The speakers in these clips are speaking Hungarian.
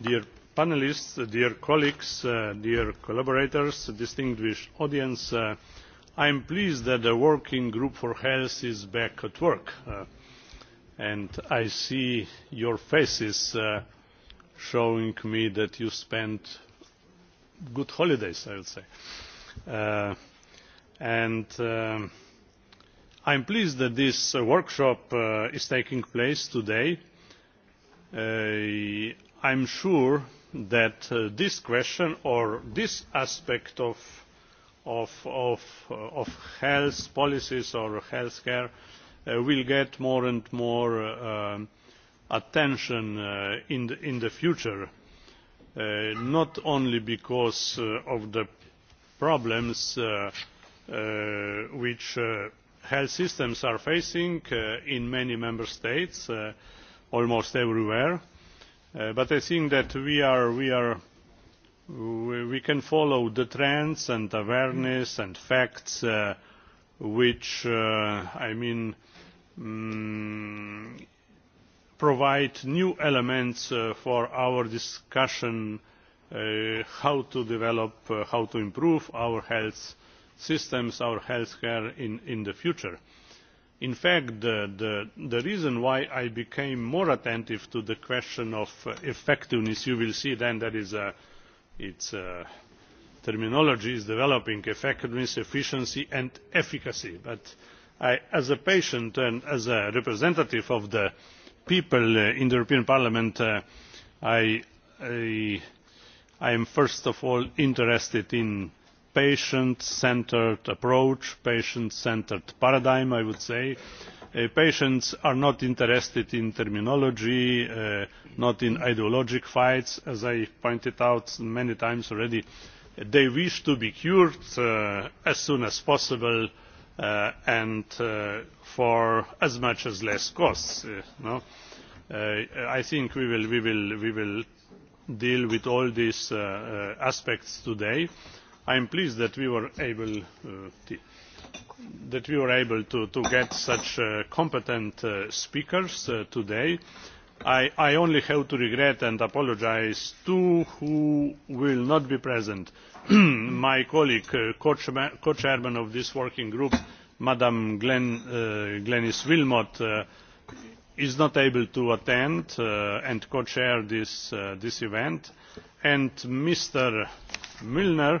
dear panelists, dear colleagues uh, dear collaborators distinguished audience uh, i am pleased that the working group for health is back at work uh, and i see your faces uh, showing me that you spent good holidays i would say. Uh, and uh, i am pleased that this uh, workshop uh, is taking place today. i am sure that this question or this aspect of, health policies or health care will get more and more attention in the future not only because of the problems Uh, which uh, health systems are facing uh, in many member states almost everywhere but i think that we, can follow the trends and awareness and facts which I mean, mm, provide new elements for our discussion on how to develop, and how to improve our health systems our healthcare in, in the future. In fact, the, the, the reason why I became more attentive to the question of uh, effectiveness, you will see then that is a, it's a terminology is developing effectiveness, efficiency and efficacy. But I, as a patient and as a representative of the people uh, in the European Parliament, uh, I, I, I am first of all interested in patient centred approach patient centred paradigm i would say. Uh, patients are not interested in terminology uh, not in ideological fights as i have pointed out many times already. they wish to be cured uh, as soon as possible and for as much as less costs. i think we will deal with all these aspects today i am pleased that we were able uh, that we were able to, to get such uh, competent uh, speakers today. I, only have to regret and apologise to who will not be present. My colleague, co-chairman of this working group, Madam Glenis willmott is not able to attend and co-chair this, this event, and Mr. Milner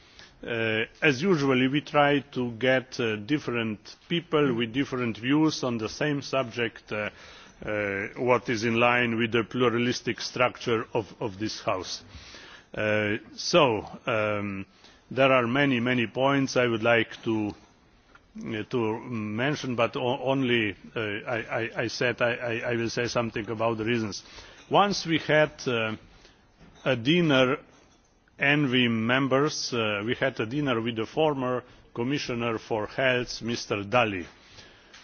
Uh, as usual we try to get uh, different people with different views on the same subject which uh, what is in line with the pluralistic structure of, this house. so um, there are many many points i would like to, mention but only I, said i will say something about the reasons. once we had a dinner envi members uh, we had a dinner with the former commissioner for health mr dalli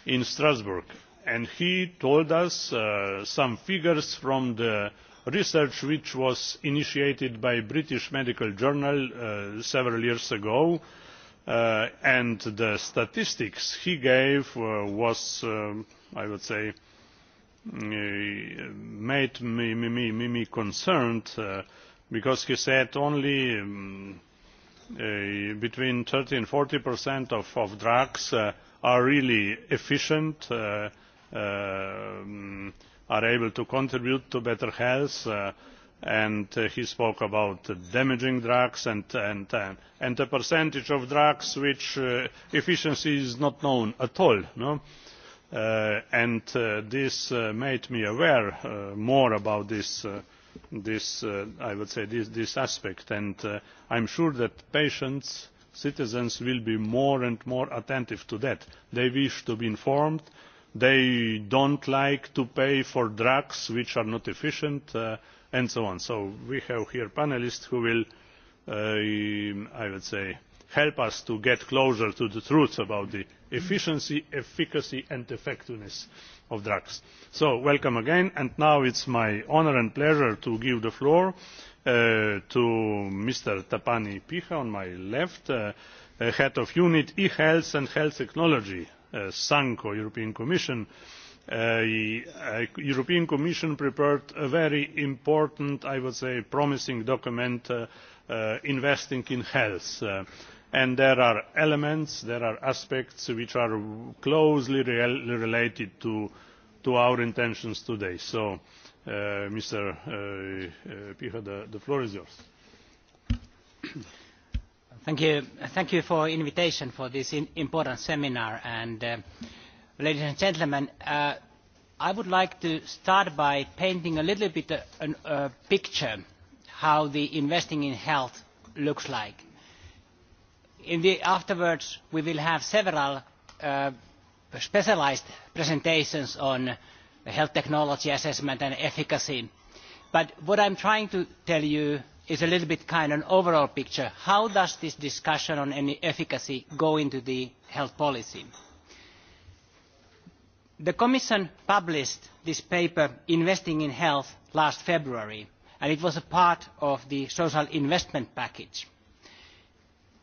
in strasbourg and he told us uh, some figures from the research which was initiated by a british medical journal uh, several years ago and the statistics he gave were i would say mm, made me concerned because he said only mm, eh, between 30 and 40 percent of, drugs eh, are really efficient, eh, are able to contribute to better health, and he spoke about damaging drugs and, the percentage of drugs which efficiency is not known at all. No? and this made me aware more about this this uh, i would say this, aspect and uh, i am sure that patients citizens will be more and more attentive to that. they wish to be informed they do not like to pay for drugs which are not efficient uh, and so on. so we have here panellists who will i would say help us to get closer to the truth about the efficiency efficacy and effectiveness of drugs. so welcome again and now it is my honour and pleasure to give the floor uh, to mr tapani piha on my left uh, uh, head of unit e health and health technology sanco european commission. the european commission prepared a very important i would say promising document investing in health' and there are elements there are aspects which are closely related to, our intentions today. so uh, mr uh, uh, pieper the, floor is yours. Thank you. thank you for the invitation for this important seminar and uh, ladies and gentlemen uh, i would like to start by painting a little bit of a, a picture of how the investing in health looks like the, afterwards we will have several uh, specialised presentations on health technology assessment and efficacy but what i am trying to tell you is a little bit kind of an overall picture how does this discussion on efficacy go into the health policy? the commission published this paper investing in health last february and it was a part of the social investment package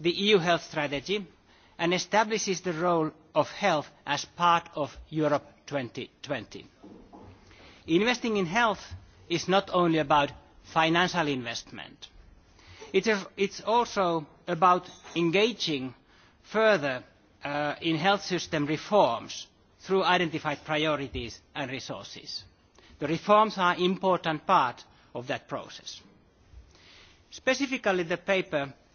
the eu health strategy and establishes the role of health as part of europe. two thousand and twenty investing in health is not only about financial investment it is also about engaging further uh, in health system reforms through identified priorities and resources. the reforms are an important part of that process. specifically the paper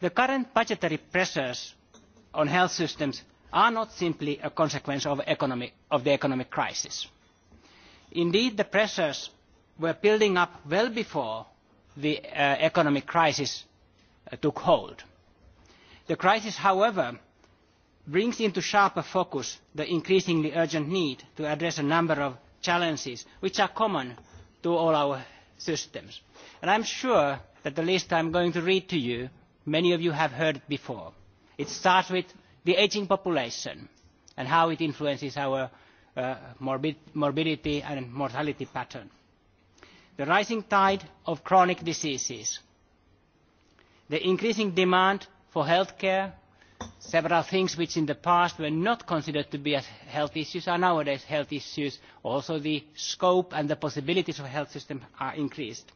the current budgetary pressures on health systems are not simply a consequence of, the economic crisis. indeed the pressures were building up well before the uh, economic crisis uh, took hold. the crisis however brings into sharper focus the increasingly urgent need to address a number of challenges which are common to all our systems. i am sure that the list i am going to read to you many of you have heard it before. it starts with the ageing population and how it influences our uh, morbid morbidity and mortality pattern the rising tide of chronic diseases the increasing demand for health care several things which in the past were not considered to be as health issues are nowadays health issues also the scope and the possibilities of health systems are increased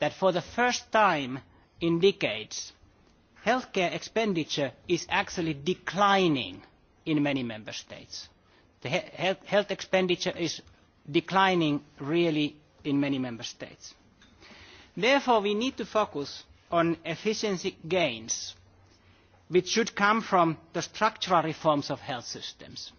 that for the first time in decades healthcare expenditure is actually declining in many member states. The health, expenditure is declining really in many member states. Therefore, we need to focus on efficiency gains, which should come from the structural reforms of health systems.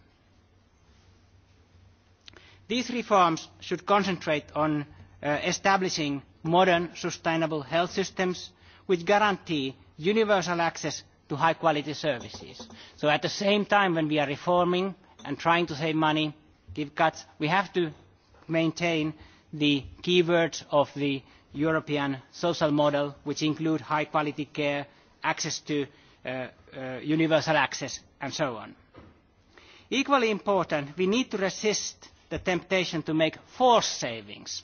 These reforms should concentrate on uh, establishing modern sustainable health systems which guarantee universal access to high quality services. so at the same time when we are reforming and trying to save money give cuts we have to maintain the key words of the european social model which include high quality care access to uh, uh, universal access and so on. equally important we need to resist the temptation to make forced savings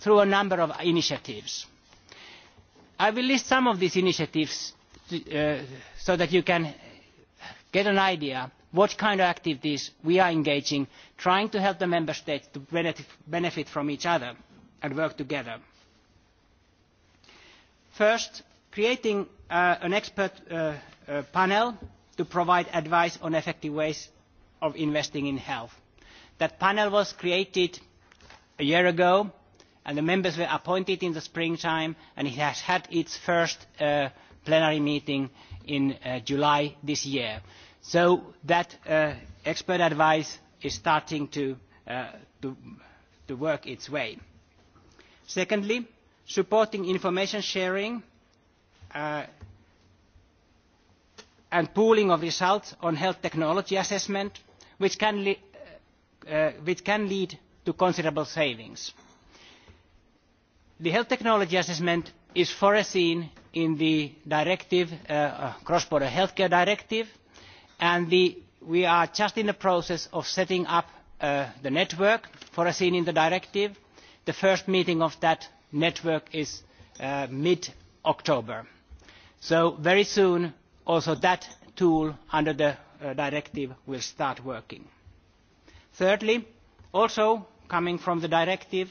through a number of initiatives. i will list some of these initiatives uh, so that you can get an idea what kind of activities we are engaging trying to help the member states to benefit from each other and work together. first creating uh, an expert uh, uh, panel to provide advice on effective ways of investing in health. that panel was created a year ago and the members were appointed in the springtime and it has had its first uh, plenary meeting in uh, July this year. So that uh, expert advice is starting to, uh, to, to work its way. Secondly, supporting information sharing uh, and pooling of results on health technology assessment, which can, uh, which can lead to considerable savings the health technology assessment is foreseen in the directive, uh, uh, cross-border healthcare directive, and we are just in the process of setting up uh, the network foreseen in the directive. The first meeting of that network is uh, mid-October. So very soon, also that tool under the directive will start working. Thirdly, also coming from the directive,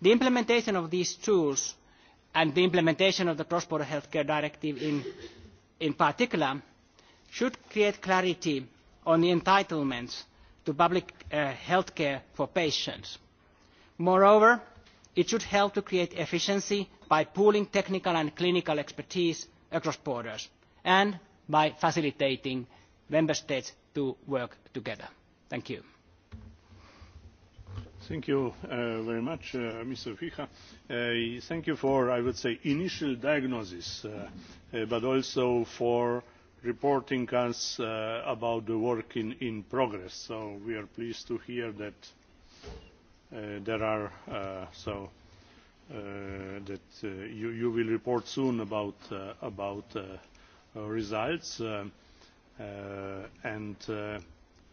the implementation of these tools and the implementation of the cross border healthcare directive in, in particular should create clarity on the entitlements to public uh, health care for patients. moreover it should help to create efficiency by pooling technical and clinical expertise across borders and by facilitating member states to work together. thank you. Thank you uh, very much, uh, Mr. Ficha. Uh, thank you for, I would say, initial diagnosis, uh, uh, but also for reporting us uh, about the work in, in progress. So we are pleased to hear that uh, there are uh, so uh, that uh, you, you will report soon about uh, about uh, results uh, uh, and. Uh,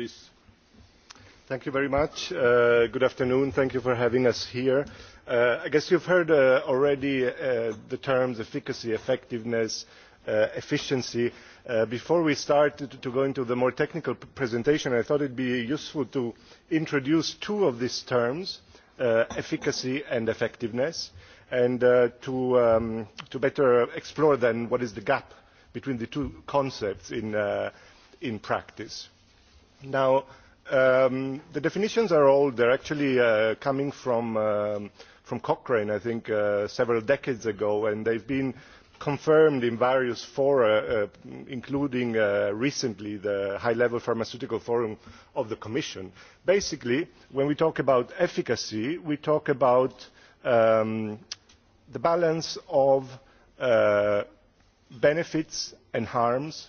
please. Thank you very much. Uh, good afternoon. Thank you for having us here. Uh, I guess you've heard uh, already the terms efficacy, effectiveness, uh, efficiency. before we start to, go into the more technical presentation, I thought it would be useful to introduce two of these terms, efficacy and effectiveness, and um, to, better explore then what is the gap between the two concepts in practice now um, the definitions are old they're actually uh, coming from um, from cochrane i think uh, several decades ago and they've been confirmed in various fora uh, including uh, recently the high level pharmaceutical forum of the commission basically when we talk about efficacy we talk about um, the balance of uh, benefits and harms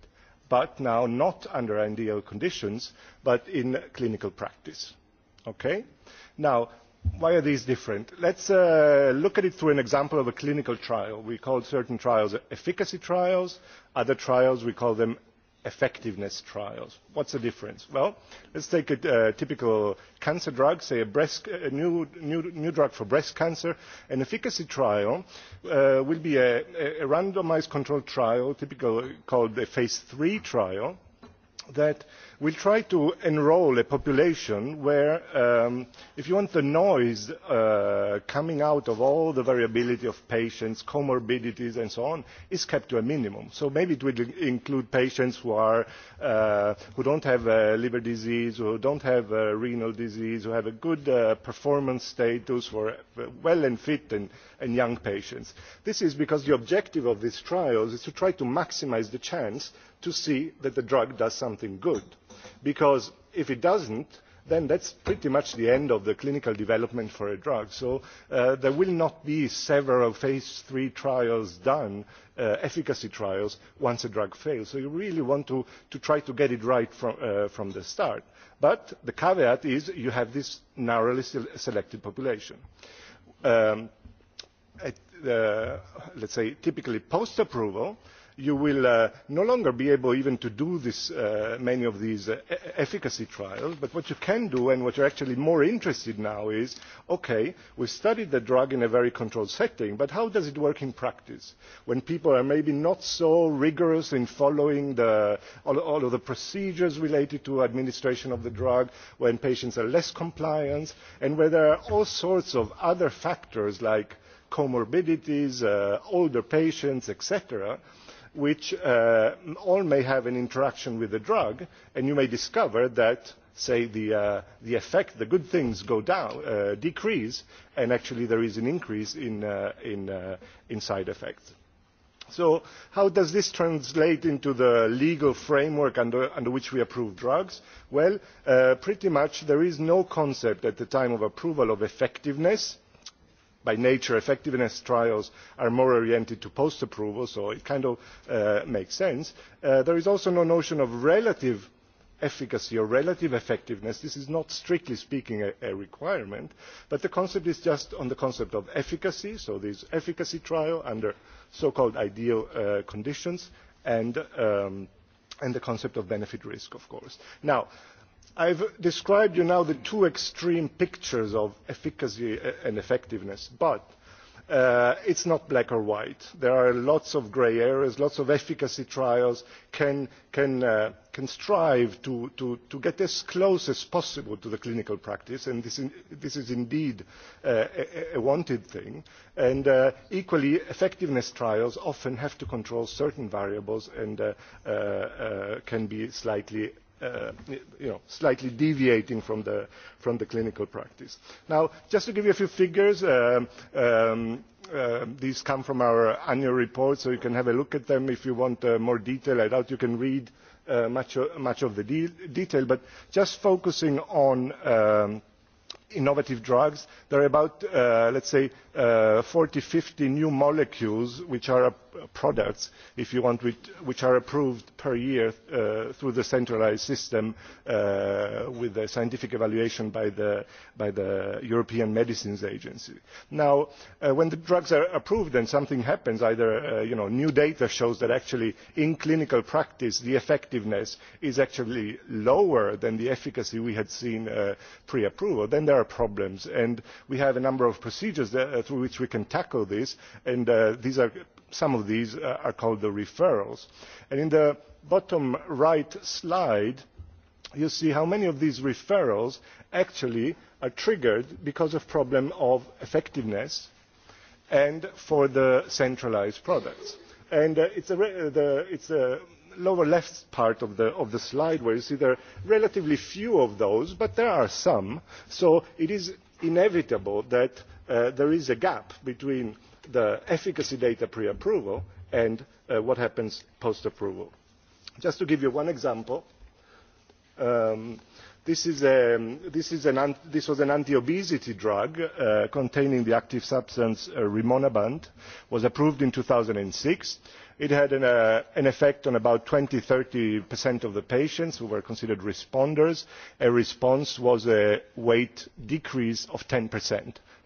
but now not under NDO conditions, but in clinical practice. Okay? Now, why are these different? Let's us uh, look at it through an example of a clinical trial. We call certain trials efficacy trials. Other trials, we call them effectiveness trials. what is the difference? well let us take a typical cancer drug say a, new, drug for breast cancer. an efficacy trial uh, will be a randomised controlled trial typically called a phase three trial that we will try to enrol a population where um, if you want the noise uh, coming out of all the variability of patients comorbidities and so on is kept to a minimum so maybe it will include patients who uh, do not have liver disease or who not have renal disease who have a good uh, performance status who are well and fit and, young patients this is because the objective of these trials is to try to maximise the chance to see that the drug does something good because if it does not then that is pretty much the end of the clinical development for a drug so uh, there will not be several phase three trials done uh, efficacy trials once a drug fails so you really want to, to try to get it right from, uh, from the start but the caveat is you have this narrowly selected population. Um, at, uh, let's say typically post approval you will uh, no longer be able even to do uh, many of these uh, e-, e-, efficacy trials, but what you can do and what you are actually more interested in now is, okay, we studied the drug in a very controlled setting, but how does it work in practice when people are maybe not so rigorous in following all, of the procedures related to administration of the drug, when patients are less compliant, and where there are all sorts of other factors like comorbidities, older patients, etc., which uh, all may have an interaction with the drug and you may discover that say the, uh, effect the good things go down uh, decrease and actually there is an increase in, side effects. so how does this translate into the legal framework under which we approve drugs? well pretty much there is no concept at the time of approval of effectiveness by nature effectiveness trials are more oriented to post approval so it kind of uh, makes sense. Uh, there is also no notion of relative efficacy or relative effectiveness this is not strictly speaking a, requirement but the concept is just on the concept of efficacy so this efficacy trial under so called ideal uh, conditions and, um, and the concept of benefit risk of course. now i have described to you now the two extreme pictures of efficacy and effectiveness but uh, it is not black or white. there are lots of grey areas lots of efficacy trials can, uh, strive to, get as close as possible to the clinical practice and this, is indeed uh, a wanted thing and equally effectiveness trials often have to control certain variables and can be slightly uh, you know, slightly deviating from the, from the clinical practice. Now, just to give you a few figures, um, um, uh, these come from our annual report, so you can have a look at them if you want uh, more detail. I doubt you can read uh, much, uh, much of the de detail, but just focusing on um, innovative drugs, there are about, uh, let's say, uh, 40, 50 new molecules which are Uh, products which are approved per year uh, through the centralised system uh, with a scientific evaluation by the, European Medicines Agency. Now, when the drugs are approved and something happens, either new data shows that actually in clinical practice the effectiveness is actually lower than the efficacy we had seen pre-approval, then there are problems. And we have a number of procedures through which we can tackle this, and these are some of these uh, are called the referrals. And in the bottom right slide you see how many of these referrals actually are triggered because of problems of effectiveness and for the centralised products. And is uh, it's, uh, the, lower left part of the, slide where you see there are relatively few of those, but there are some. So it is inevitable that there is a gap between the efficacy data pre approval and uh, what happens post approval. just to give you one example um, this, is a, um, this, is an, this was an anti obesity drug uh, containing the active substance uh, rimonabant was approved in two thousand and six it had uh, an, effect on about twenty to thirty of the patients who were considered responders. a response was a weight decrease of ten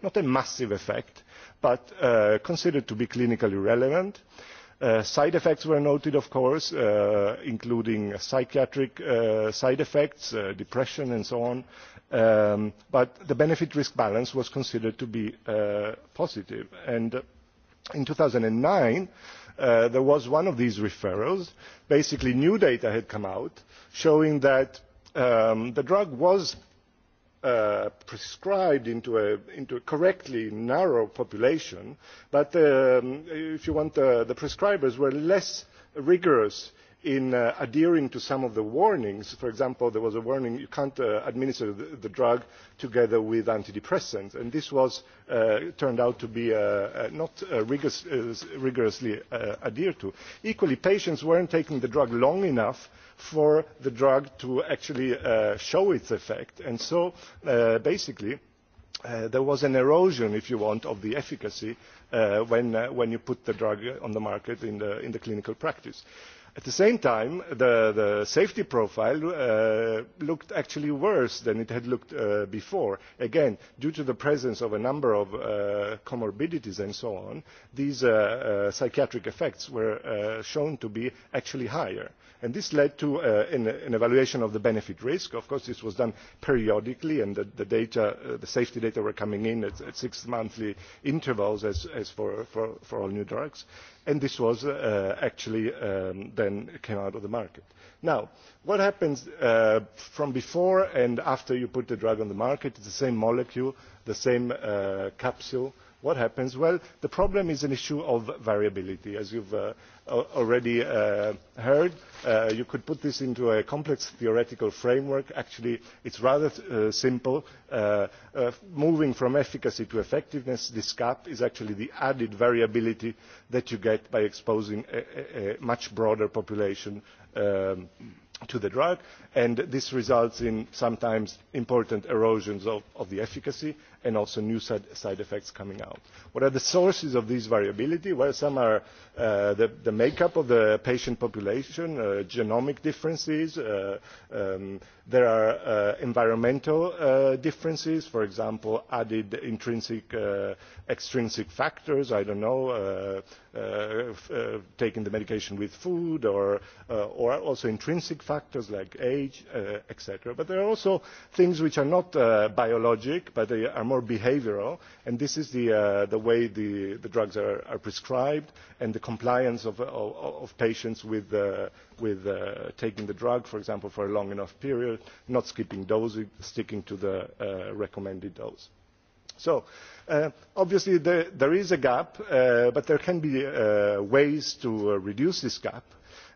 not a massive effect but uh, considered to be clinically relevant. Uh, side effects were noted of course including psychiatric side effects depression and so on um, but the benefit risk balance was considered to be positive and in two thousand and nine Uh, there was one of these referrals. Basically, new data had come out showing that um, the drug was uh, prescribed into a, correctly narrow population, but um, if you want, the, uh, the prescribers were less rigorous in uh, adhering to some of the warnings for example there was a warning you can't uh, administer the, drug together with antidepressants and this was uh, turned out to be not rigorously adhered to. equally patients weren't taking the drug long enough for the drug to actually show its effect and so basically there was an erosion if you want of the efficacy when, you put the drug on the market in in the clinical practice at the same time the, safety profile uh, looked actually worse than it had looked uh, before. again due to the presence of a number of uh, comorbidities and so on these psychiatric effects were shown to be actually higher and this led to an, evaluation of the benefit risk. of course this was done periodically and the, data, the safety data were coming in at, six monthly intervals as, for all new drugs and this was uh, actually um, then came out of the market. Now, what happens uh, from before and after you put the drug on the market? is the same molecule, the same uh, capsule, what happens? well the problem is an issue of variability as you have uh, already uh, heard. Uh, you could put this into a complex theoretical framework. actually it is rather simple. moving from efficacy to effectiveness this gap is actually the added variability that you get by exposing a, much broader population um, to the drug and this results in sometimes important erosions of the efficacy and also new side effects coming out. what are the sources of this variability? well some are uh, the, the make up of the patient population uh, genomic differences uh, um, there are uh, environmental uh, differences for example added intrinsic uh, extrinsic factors i do not know taking the medication with food or, or also intrinsic factors like age etc. but there are also things which are not biologic but they are more behavioural and this is the, uh, way the, drugs are, prescribed and the compliance of, patients with, uh, uh, taking the drug, for example, for a long enough period, not skipping doses, sticking to the recommended dose. So, obviously there, is a gap, but there can be ways to reduce this gap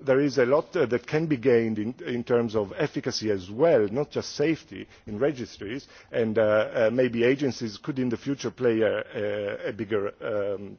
there is a lot uh, that can be gained in, terms of efficacy as well not just safety in registries and uh, uh, maybe agencies could in the future play a, bigger um,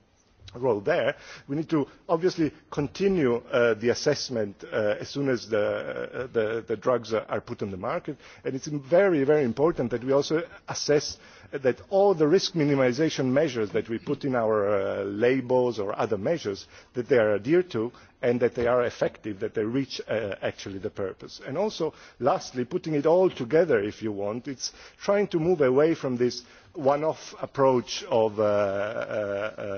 role there. we need to obviously continue the assessment as soon as the, drugs are put on the market and it is very very important that we also assess that all the risk minimisation measures that we put in our uh, labels or other measures that they are adhered to and that they are effective that they reach uh, actually the purpose. and also lastly putting it all together if you want it is trying to move away from this one off approach uh,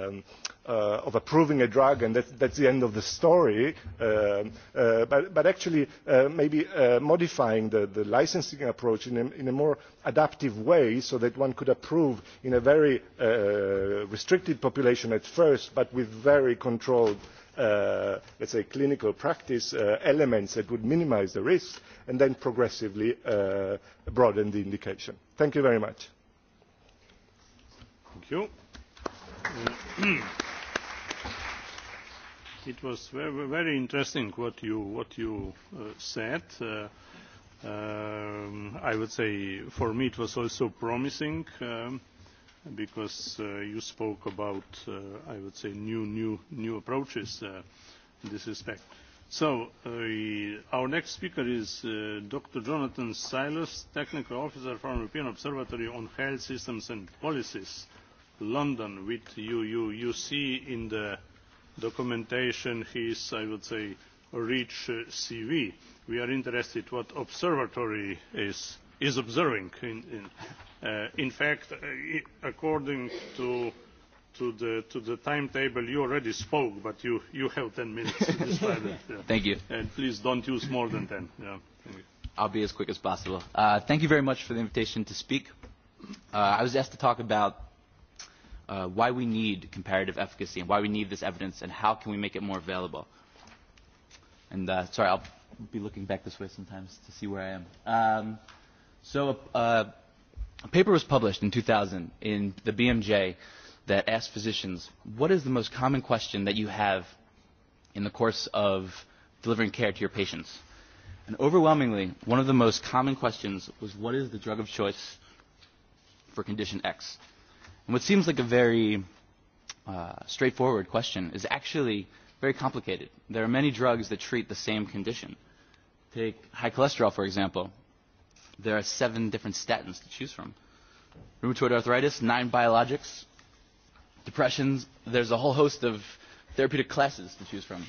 um, of, approving a drug and that is the end of the story um, but, actually maybe modifying the, licensing approach in a, in a more adaptive way so that one could approve in a very uh, restricted population at first but with very controlled uh, let us say clinical practice uh, elements that would minimise the risk and then progressively broaden the indication. thank you very much. it was very interesting what you said. Um, I would say for me it was also promising um, because uh, you spoke about, uh, I would say, new, new, new approaches uh, in this respect. So uh, our next speaker is uh, Dr. Jonathan Silas, Technical Officer from European Observatory on Health Systems and Policies, London, with you. You, you see in the documentation his, I would say, rich uh, CV. Uh, we are interested in what the observatory is, observing. In, uh, fact uh, according to, the, timetable you already spoke but you, have ten minutes to time. thank you. and please don't use more than ten. Yeah. I'll be as quick as possible. Uh, thank you very much for the invitation to speak. Uh, I was asked to talk about uh, why we need comparative efficacy and why we need this evidence and how can we make it more available. And uh, sorry, I'll be looking back this way sometimes to see where I am. Um, so uh, a paper was published in 2000 in the BMJ that asked physicians, what is the most common question that you have in the course of delivering care to your patients? And overwhelmingly, one of the most common questions was, what is the drug of choice for condition X? And what seems like a very uh, straightforward question is actually – very complicated. There are many drugs that treat the same condition. Take high cholesterol, for example. There are seven different statins to choose from. Rheumatoid arthritis, nine biologics. Depressions, there's a whole host of therapeutic classes to choose from.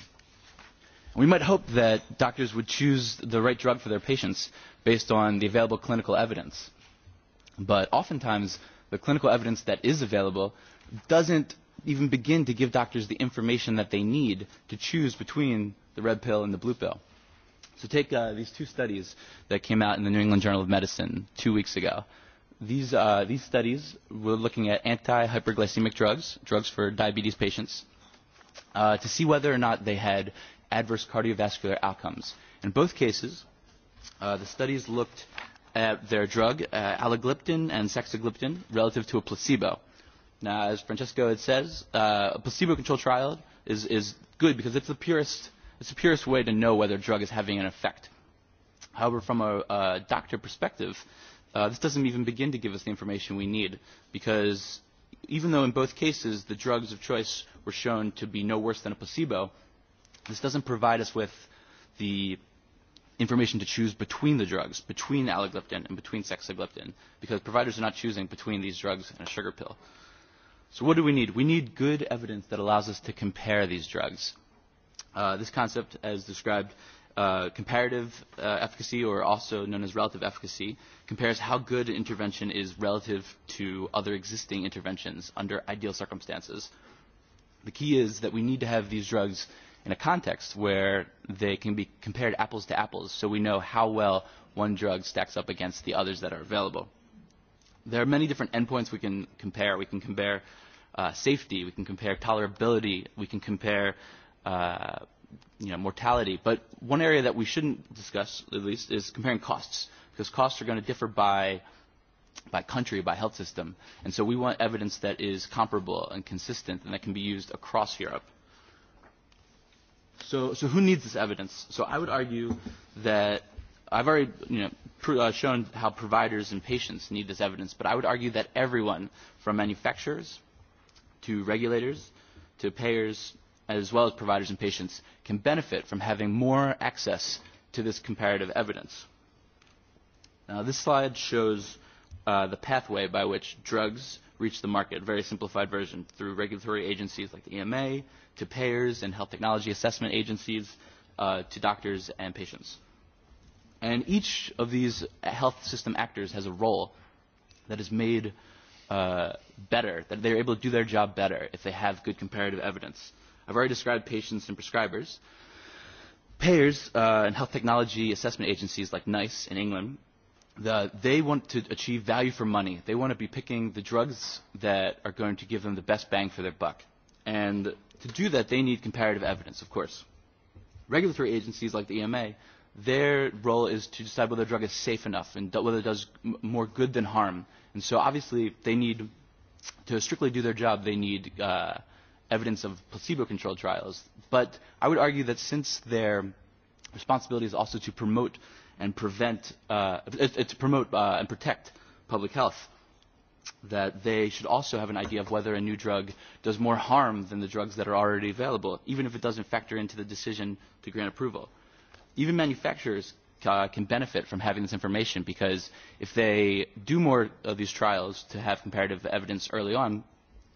We might hope that doctors would choose the right drug for their patients based on the available clinical evidence. But oftentimes, the clinical evidence that is available doesn't even begin to give doctors the information that they need to choose between the red pill and the blue pill. So take uh, these two studies that came out in the New England Journal of Medicine two weeks ago. These, uh, these studies were looking at anti-hyperglycemic drugs, drugs for diabetes patients, uh, to see whether or not they had adverse cardiovascular outcomes. In both cases, uh, the studies looked at their drug, uh, allogliptin and sexagliptin, relative to a placebo. Now, as Francesco had said, uh, a placebo-controlled trial is, is good because it's the, purest, it's the purest way to know whether a drug is having an effect. However, from a, a doctor perspective, uh, this doesn't even begin to give us the information we need because even though in both cases the drugs of choice were shown to be no worse than a placebo, this doesn't provide us with the information to choose between the drugs, between allogliptin and between sexagliptin, because providers are not choosing between these drugs and a sugar pill. Uh, So what do we need? We need good evidence that allows us to compare these drugs. Uh, this concept, as described, uh, comparative uh, efficacy, or also known as relative efficacy, compares how good an intervention is relative to other existing interventions under ideal circumstances. The key is that we need to have these drugs in a context where they can be compared apples to apples so we know how well one drug stacks up against the others that are available there are many different endpoints we can compare. We can compare uh, safety, we can compare tolerability, we can compare uh, you know, mortality. But one area that we shouldn't discuss, at least, is comparing costs, because costs are going to differ by by country, by health system. And so we want evidence that is comparable and consistent and that can be used across Europe. So, so who needs this evidence? So I would argue that I've already you know, pr uh, shown how providers and patients need this evidence, but I would argue that everyone, from manufacturers to regulators to payers, as well as providers and patients, can benefit from having more access to this comparative evidence. Now, this slide shows uh, the pathway by which drugs reach the market, a very simplified version, through regulatory agencies like the EMA, to payers and health technology assessment agencies, uh, to doctors and patients. And each of these health system actors has a role that is made uh, better, that they're able to do their job better if they have good comparative evidence. I've already described patients and prescribers. Payers uh, and health technology assessment agencies like NICE in England, the, they want to achieve value for money. They want to be picking the drugs that are going to give them the best bang for their buck. And to do that, they need comparative evidence, of course. Regulatory agencies like the EMA their role is to decide whether a drug is safe enough and whether it does m more good than harm. And so obviously they need to strictly do their job, they need uh, evidence of placebo-controlled trials. But I would argue that since their responsibility is also to promote and prevent, uh, to promote uh, and protect public health, that they should also have an idea of whether a new drug does more harm than the drugs that are already available, even if it doesn't factor into the decision to grant approval even manufacturers uh, can benefit from having this information because if they do more of these trials to have comparative evidence early on,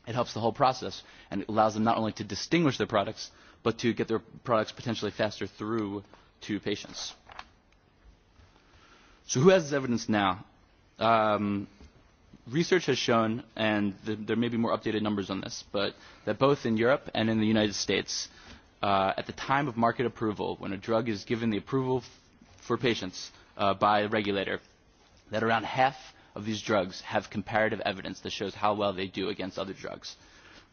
it helps the whole process and it allows them not only to distinguish their products, but to get their products potentially faster through to patients. So who has this evidence now? Um, research has shown, and th there may be more updated numbers on this, but that both in Europe and in the United States, uh, at the time of market approval, when a drug is given the approval for patients uh, by a regulator, that around half of these drugs have comparative evidence that shows how well they do against other drugs.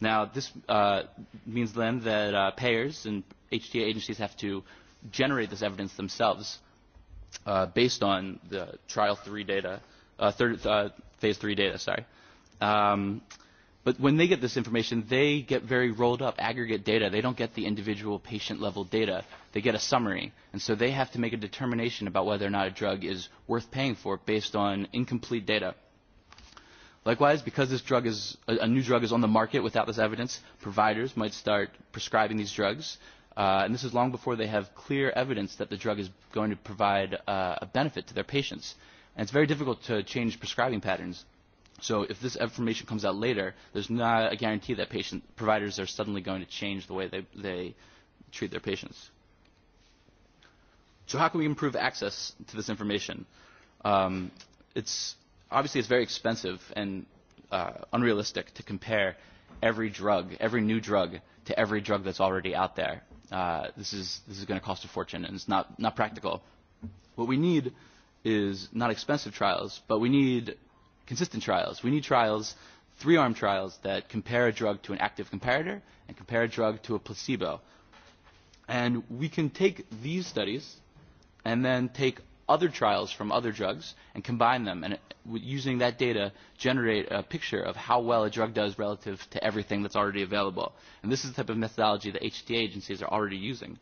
Now, this uh, means then that uh, payers and HTA agencies have to generate this evidence themselves uh, based on the trial three data, uh, third, uh, phase three data, sorry. Um, But when they get this information, they get very rolled up aggregate data. They don't get the individual patient level data. They get a summary. And so they have to make a determination about whether or not a drug is worth paying for based on incomplete data. Likewise, because this drug is, a, a new drug is on the market without this evidence, providers might start prescribing these drugs. Uh, and this is long before they have clear evidence that the drug is going to provide uh, a benefit to their patients. And it's very difficult to change prescribing patterns So if this information comes out later, there's not a guarantee that patient providers are suddenly going to change the way they, they treat their patients. So how can we improve access to this information? Um, it's obviously it's very expensive and uh, unrealistic to compare every drug, every new drug, to every drug that's already out there. Uh, this is this is going to cost a fortune, and it's not not practical. What we need is not expensive trials, but we need consistent trials. We need trials, three-arm trials, that compare a drug to an active comparator and compare a drug to a placebo. And we can take these studies and then take other trials from other drugs and combine them and using that data generate a picture of how well a drug does relative to everything that's already available. And this is the type of methodology that HTA agencies are already using.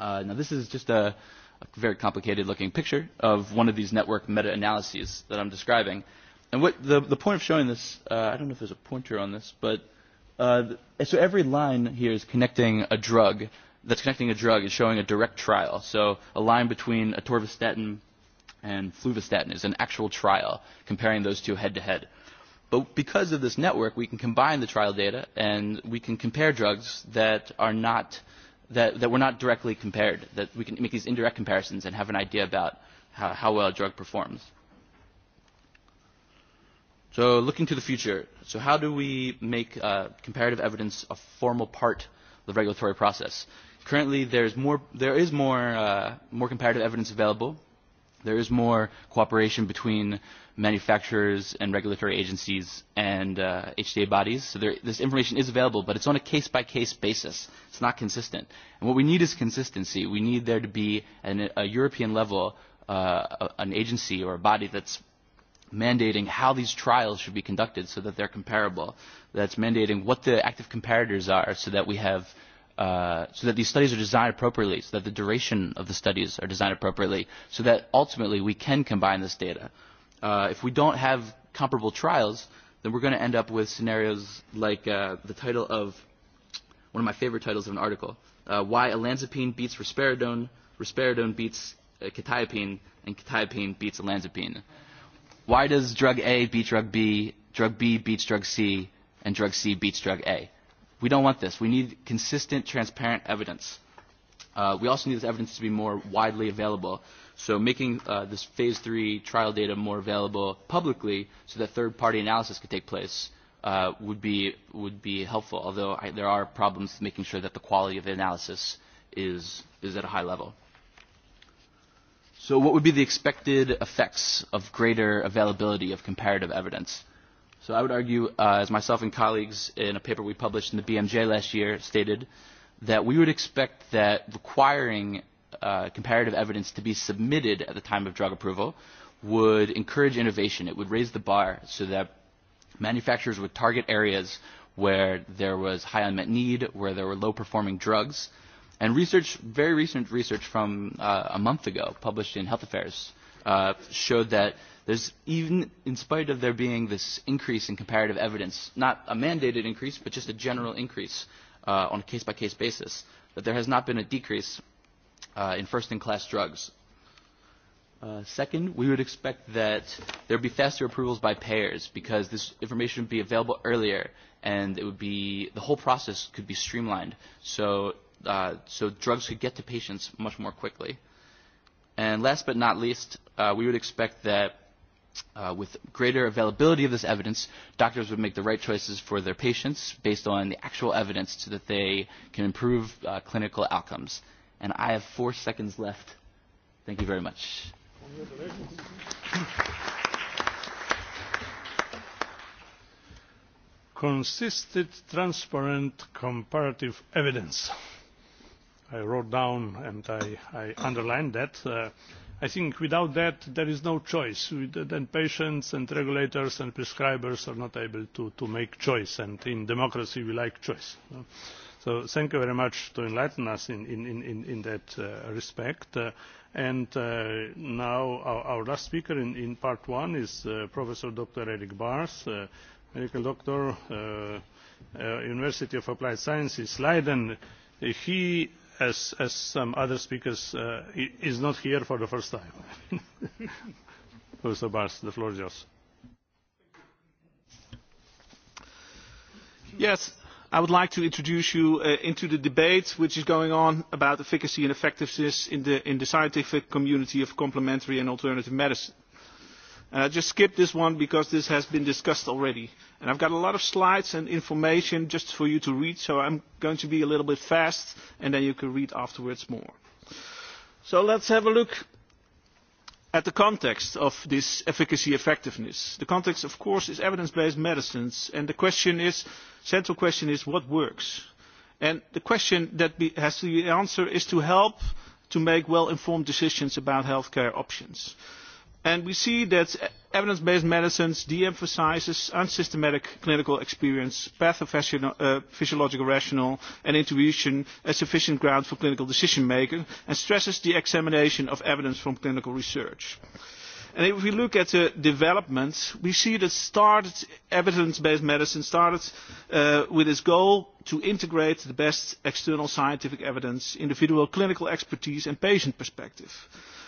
Uh, now this is just a a very complicated looking picture of one of these network meta-analyses that I'm describing. And what the, the point of showing this, uh, I don't know if there's a pointer on this, but uh, so every line here is connecting a drug that's connecting a drug is showing a direct trial. So a line between atorvastatin and fluvastatin is an actual trial comparing those two head to head. But because of this network, we can combine the trial data and we can compare drugs that are not that, that we're not directly compared, that we can make these indirect comparisons and have an idea about how, how well a drug performs. So looking to the future, so how do we make uh, comparative evidence a formal part of the regulatory process? Currently, there's more, there is more, uh, more comparative evidence available. There is more cooperation between manufacturers and regulatory agencies and uh, HTA bodies. So there, this information is available, but it's on a case-by-case -case basis. It's not consistent. And what we need is consistency. We need there to be an, a European level, uh, an agency or a body that's mandating how these trials should be conducted so that they're comparable, that's mandating what the active comparators are so that we have Uh, so that these studies are designed appropriately, so that the duration of the studies are designed appropriately, so that ultimately we can combine this data uh, if we don't have comparable trials, then we're going to end up with scenarios like uh, the title of one of my favorite titles of an article, uh, Why Olanzapine Beats Risperidone, Risperidone Beats uh, Ketiapine, and Ketiapine Beats Olanzapine. Why does drug A beat drug B, drug B beats drug C, and drug C beats drug A? We don't want this. We need consistent, transparent evidence Uh, we also need this evidence to be more widely available. So making uh, this phase three trial data more available publicly so that third-party analysis could take place uh, would, be, would be helpful, although I, there are problems making sure that the quality of the analysis is, is at a high level. So what would be the expected effects of greater availability of comparative evidence? So I would argue, uh, as myself and colleagues in a paper we published in the BMJ last year stated, that we would expect that requiring uh, comparative evidence to be submitted at the time of drug approval would encourage innovation. It would raise the bar so that manufacturers would target areas where there was high unmet need, where there were low-performing drugs. And research, very recent research from uh, a month ago, published in Health Affairs, uh, showed that there's even, in spite of there being this increase in comparative evidence, not a mandated increase, but just a general increase uh, on a case-by-case -case basis, that there has not been a decrease uh, in first-in-class drugs. Uh, second, we would expect that there would be faster approvals by payers because this information would be available earlier and it would be, the whole process could be streamlined so, uh, so drugs could get to patients much more quickly. And last but not least, uh, we would expect that Uh, with greater availability of this evidence, doctors would make the right choices for their patients based on the actual evidence so that they can improve uh, clinical outcomes. And I have four seconds left. Thank you very much. Consistent, transparent, comparative evidence. I wrote down and I, I underlined that. Uh, i think without that there is no choice then patients and regulators and prescribers are not able to, make make choice and in democracy we like choice. so thank you very much for enlightening us in, that uh, respect. Uh, and uh, now our, last speaker in, in part one is professor dr eric bars medical doctor university of applied sciences leiden. he as as some other speakers uh, is not here for the first time. Professor Bars, the floor is yours. Yes, I would like to introduce you uh, into the debate which is going on about efficacy and effectiveness in the, in the scientific community of complementary and alternative medicine And I just skipped this one because this has been discussed already. And I've got a lot of slides and information just for you to read, so I'm going to be a little bit fast, and then you can read afterwards more. So let's have a look at the context of this efficacy effectiveness. The context, of course, is evidence-based medicines, and the question is, central question is, what works? And the question that be, has to be answered is to help to make well-informed decisions about healthcare options and we see that evidence based medicines de emphasizes unsystematic clinical experience pathophysiological uh, rationale and intuition as sufficient ground for clinical decision making and stresses the examination of evidence from clinical research. And if we look at the development, we see that started evidence-based medicine started uh, with its goal to integrate the best external scientific evidence, individual clinical expertise and patient perspective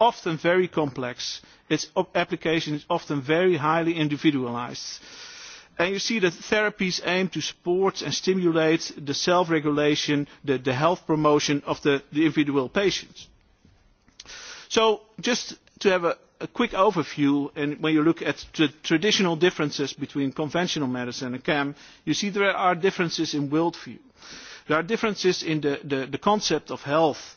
often very complex. Its application is often very highly individualised. And you see that therapies aim to support and stimulate the self-regulation, the, health promotion of the, individual patients. So just to have a, quick overview, and when you look at the traditional differences between conventional medicine and CAM, you see there are differences in worldview. There are differences in the concept of health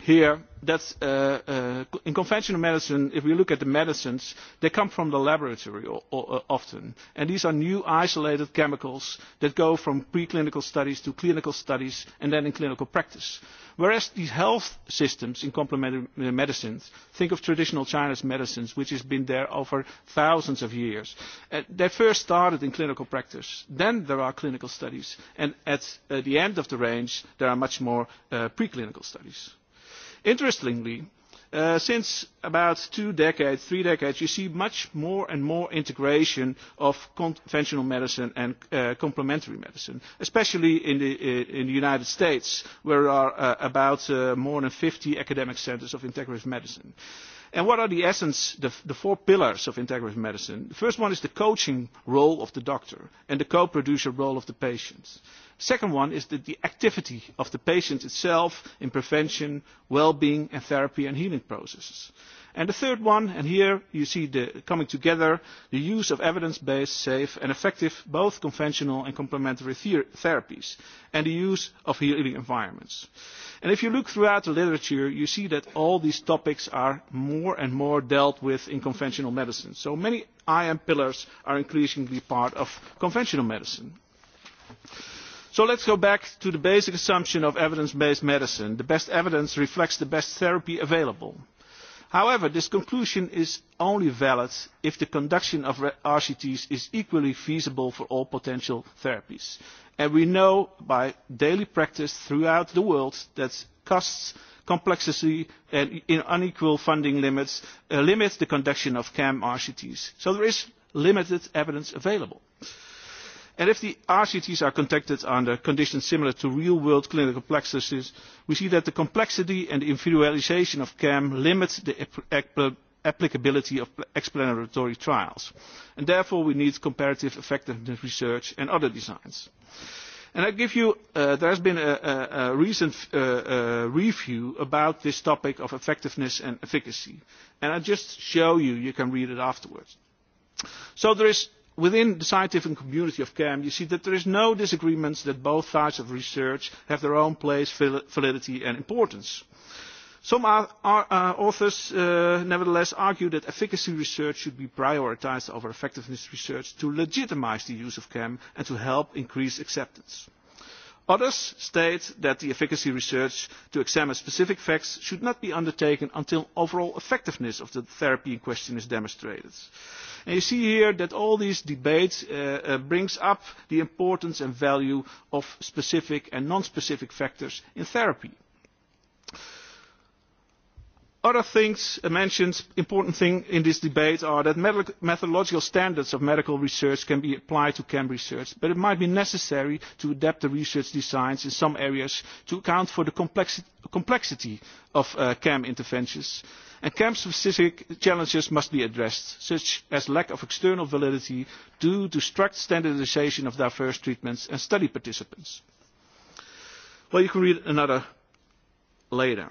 here that uh, uh, in conventional medicine if we look at the medicines they come from the laboratory uh, often and these are new isolated chemicals that go from pre clinical studies to clinical studies and then into clinical practice whereas these health systems in complementary medicines think of traditional chinese medicines which has been there over thousands of years they first started in clinical practice then there are clinical studies and at the end of the range there are much more pre clinical studies Interestingly, uh, since about two decades, three decades, you see much more and more integration of conventional medicine and uh, complementary medicine, especially in the, uh, in the United States, where there are uh, about uh, more than 50 academic centers of integrative medicine. Uh, And what are the essence, the, the four pillars of integrative medicine? The first one is the coaching role of the doctor and the co-producer role of the patient. Second one is the, the activity of the patient itself in prevention, well-being and therapy and healing processes. And the third one, and here you see the coming together, the use of evidence-based, safe and effective both conventional and complementary therapies, and the use of healing environments. if you look throughout the literature, you see that all these topics are more and more dealt with in conventional medicine. So many IM pillars are increasingly part of conventional medicine. So let us go back to the basic assumption of evidence-based medicine. The best evidence reflects the best therapy available however this conclusion is only valid if the conduction of rcts is equally feasible for all potential therapies and we know by daily practice throughout the world that costs complexity and unequal funding limits uh, limit the conduction of cam rcts so there is limited evidence available. And if the RCTs are conducted under conditions similar to real-world clinical practices, we see that the complexity and the individualisation of CAM limits the applicability of explanatory trials. And therefore, we need comparative effectiveness research and other designs. And I give you, uh, there has been a, a, a recent uh, uh, review about this topic of effectiveness and efficacy. And I just show you, you can read it afterwards. So there is within the scientific community of CAM, you see that there is no disagreement that both sides of research have their own place, validity and importance. Some uh, authors uh, nevertheless argue that efficacy research should be prioritised over effectiveness research to legitimise the use of CAM and to help increase acceptance others state that the efficacy research to examine specific facts should not be undertaken until overall effectiveness of the therapy in question is demonstrated. you see here that all these debates bring uh, uh, brings up the importance and value of specific and non-specific factors in therapy other things uh, mentioned important thing in this debate are that methodological standards of medical research can be applied to chem research but it might be necessary to adapt the research designs in some areas to account for the complexity of uh, chem interventions and chem specific challenges must be addressed such as lack of external validity due to strict standardisation of diverse treatments and study participants. well you can read another later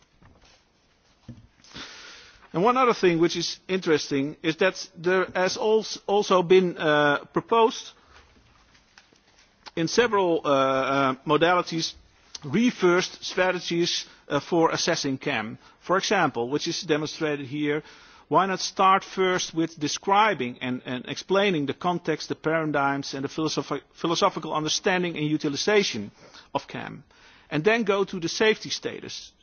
one other thing which is interesting is that there has also been uh, proposed in several uh, uh, modalities reversed strategies for assessing CAM. For example, which is demonstrated here, why not start first with describing and, explaining the context, the paradigms and the philosophical understanding and utilisation of CAM, and then go to the safety status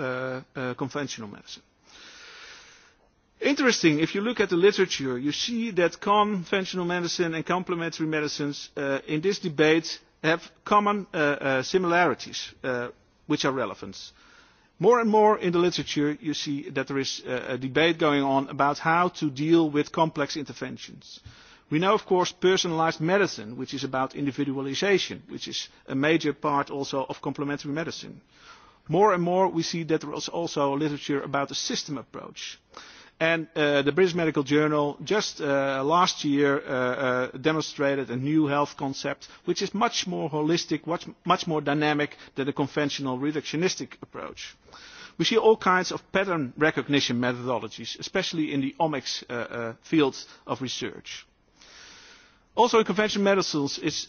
uh, uh, conventional medicine. Interesting, if you look at the literature, you see that conventional medicine and complementary medicines uh, in this debate have common uh, uh, similarities uh, which are relevant. More and more in the literature, you see that there is uh, a debate going on about how to deal with complex interventions. We know, of course, personalized medicine, which is about individualization, which is a major part also of complementary medicine more and more we see that there is also literature about a system approach. And uh, the British Medical Journal just uh, last year uh, uh, demonstrated a new health concept which is much more holistic, much, much more dynamic than the conventional reductionistic approach. We see all kinds of pattern recognition methodologies, especially in the omics uh, uh, fields of research. Also in conventional medicines, it's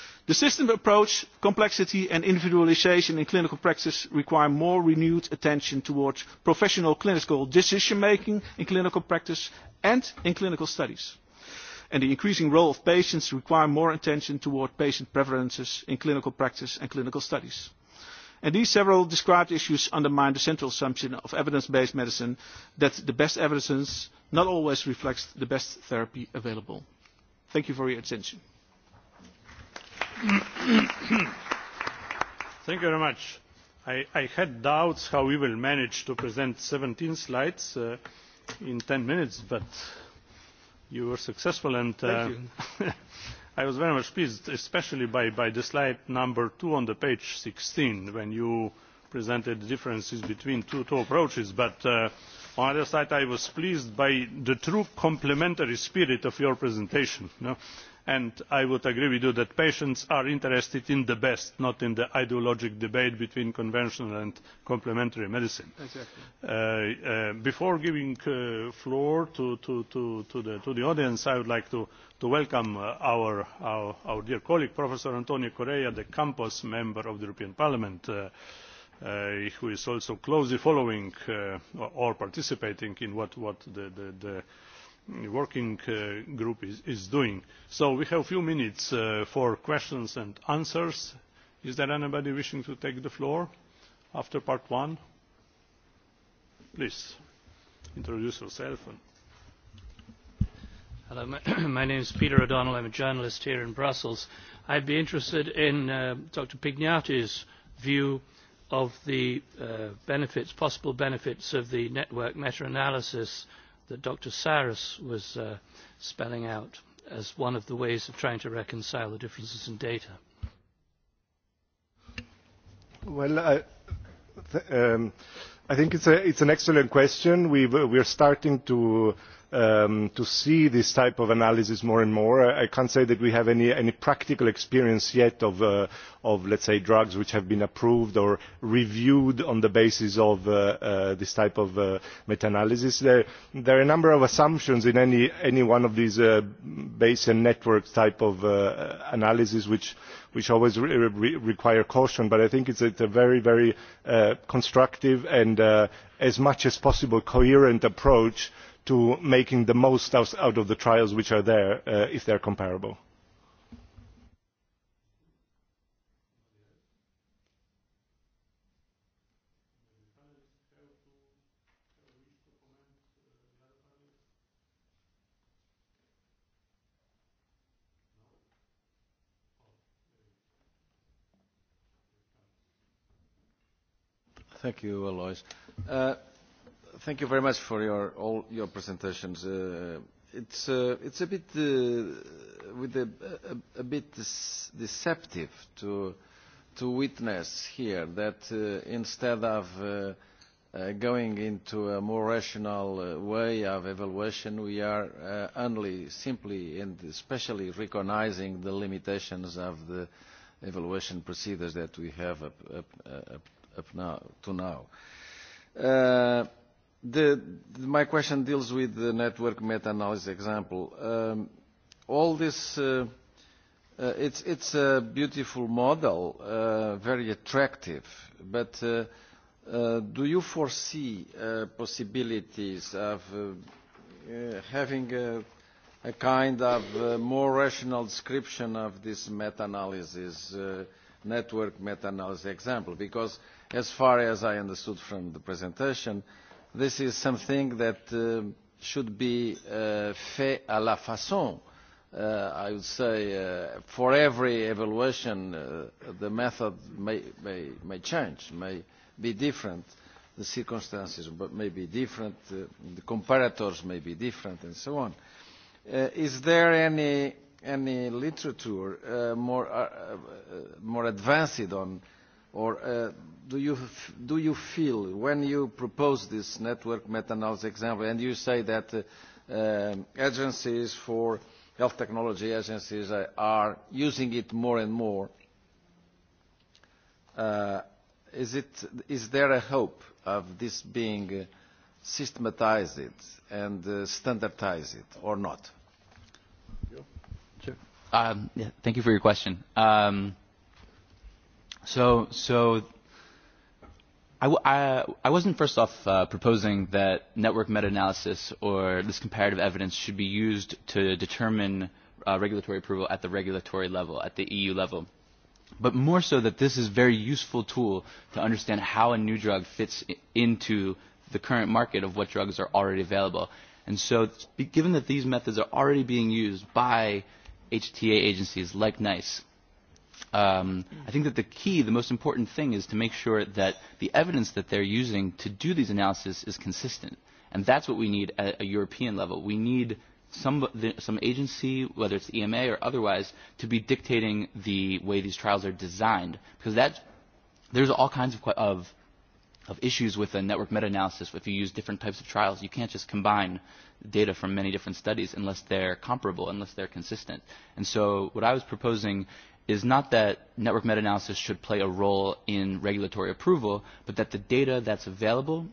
the system approach complexity and individualisation in clinical practice require more renewed attention towards professional clinical decision making in clinical practice and in clinical studies and the increasing role of patients requires more attention towards patient preferences in clinical practice and clinical studies. And these several described issues undermine the central assumption of evidence-based medicine that the best evidence not always reflects the best therapy available. Thank you for your attention. Thank you very much. I, had doubts how we will manage to present 17 slides uh, in 10 minutes, but you were successful and uh, I was very much pleased, especially by, the slide number two on the page 16, when you presented the differences between the two, approaches. But uh, on the other side, I was pleased by the true complementary spirit of your presentation and i would agree with you that patients are interested in the best not in the ideological debate between conventional and complementary medicine. Uh, uh, before giving uh, the floor to, the, audience i would like to welcome our, dear colleague professor antonio correia de campos member of the european parliament who is also closely following or participating in what, the, working uh, group is, doing. so we have a few minutes uh, for questions and answers. is there anybody wishing to take the floor after part one? please introduce yourself. Hello, my, my name is Peter O'Donnell. I'm a journalist here in Brussels. I'd be interested in uh, Dr. Pignati's view of the uh, benefits, possible benefits of the network meta-analysis uh, that Dr. Cyrus was uh, spelling out as one of the ways of trying to reconcile the differences in data? Well, I, th um, I think it's, a, it's an excellent question. We've, we're starting to um, to see this type of analysis more and more. I can't say that we have any, any practical experience yet of, uh, of, let's say, drugs which have been approved or reviewed on the basis of uh, uh, this type of uh, meta-analysis. There, there are a number of assumptions in any, any one of these uh, Bayesian network type of uh, analysis which which always re re require caution but i think it's it's a very very uh, constructive and uh, as much as possible coherent approach to making the most out of the trials which are there uh, if they are comparable. Thank you, Alois. Uh, thank you very much for your, all your presentations. Uh, it's, uh, it's a bit, uh, with a, a, a bit deceptive to, to witness here that uh, instead of uh, uh, going into a more rational uh, way of evaluation, we are uh, only simply and especially recognizing the limitations of the evaluation procedures that we have up, up, uh, up, up now, to now. Uh, The, my question deals with the network meta-analysis example. Um, all this, uh, uh, it's, it's a beautiful model, uh, very attractive, but uh, uh, do you foresee uh, possibilities of uh, uh, having a, a kind of uh, more rational description of this meta-analysis, uh, network meta-analysis example? Because as far as I understood from the presentation, this is something that uh, should be uh, fait à la façon. Uh, I would say uh, for every evaluation, uh, the method may, may, may change, may be different. The circumstances may be different, uh, the comparators may be different, and so on. Uh, is there any, any literature uh, more, uh, uh, more advanced on uh, or uh, do, you do you feel when you propose this network meta-analysis example and you say that uh, uh, agencies for health technology agencies are using it more and more, uh, is, it, is there a hope of this being uh, systematized and uh, standardized or not? Sure. Um, yeah, thank you for your question. Um, So, so I, w I, I wasn't first off uh, proposing that network meta-analysis or this comparative evidence should be used to determine uh, regulatory approval at the regulatory level, at the EU level. But more so that this is a very useful tool to understand how a new drug fits I into the current market of what drugs are already available. And so given that these methods are already being used by HTA agencies like NICE, um, I think that the key, the most important thing is to make sure that the evidence that they're using to do these analyses is consistent. And that's what we need at a European level. We need some, some agency, whether it's the EMA or otherwise, to be dictating the way these trials are designed. Because that's, there's all kinds of, of of issues with a network meta-analysis if you use different types of trials. You can't just combine data from many different studies unless they're comparable, unless they're consistent. And so what I was proposing is not that network meta-analysis should play a role in regulatory approval, but that the data that's available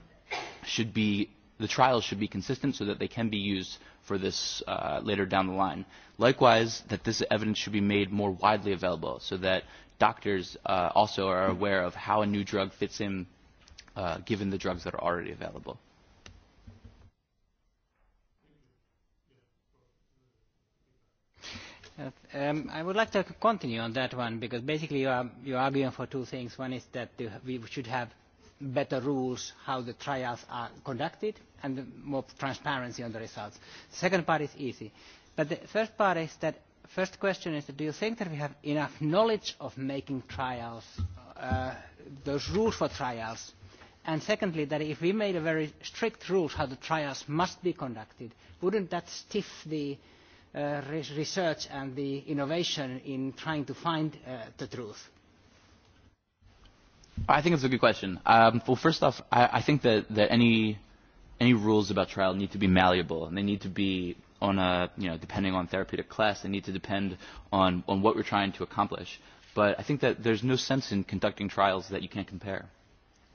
should be, the trials should be consistent so that they can be used for this uh, later down the line. Likewise, that this evidence should be made more widely available so that doctors uh, also are aware of how a new drug fits in uh, given the drugs that are already available. Uh, um, I would like to continue on that one because basically you are, you are arguing for two things. One is that we should have better rules how the trials are conducted and more transparency on the results. The second part is easy. But the first part is that first question is that do you think that we have enough knowledge of making trials, uh, those rules for trials and secondly that if we made very strict rules on how the trials must be conducted would that not stiff the uh, research and the innovation in trying to find uh, the truth? I think it's a good question. Um, well, first off, I, I think that, that any any rules about trial need to be malleable and they need to be on a you know depending on therapeutic class they need to depend on on what we're trying to accomplish. But I think that there's no sense in conducting trials that you can't compare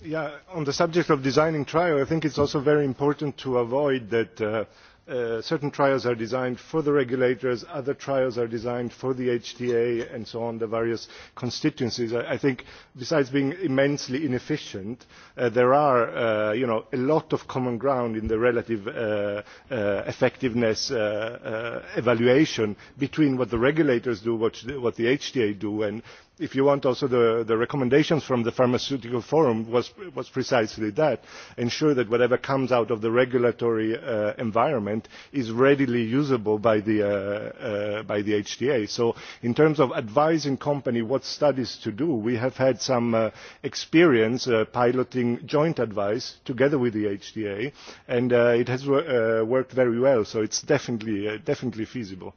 Yeah, on the subject of designing trials, I think it's also very important to avoid that uh, uh, certain trials are designed for the regulators, other trials are designed for the HTA, and so on, the various constituencies. I, I think, besides being immensely inefficient, uh, there are, uh, you know, a lot of common ground in the relative uh, uh, effectiveness uh, uh, evaluation between what the regulators do, what, what the HTA do, and if you want also the, recommendations from the pharmaceutical forum was, precisely that ensure that whatever comes out of the regulatory uh, environment is readily usable by the, uh, uh, by the hta. so in terms of advising companies what studies to do we have had some experience piloting joint advice together with the hta and it has worked very well so it is definitely, definitely feasible.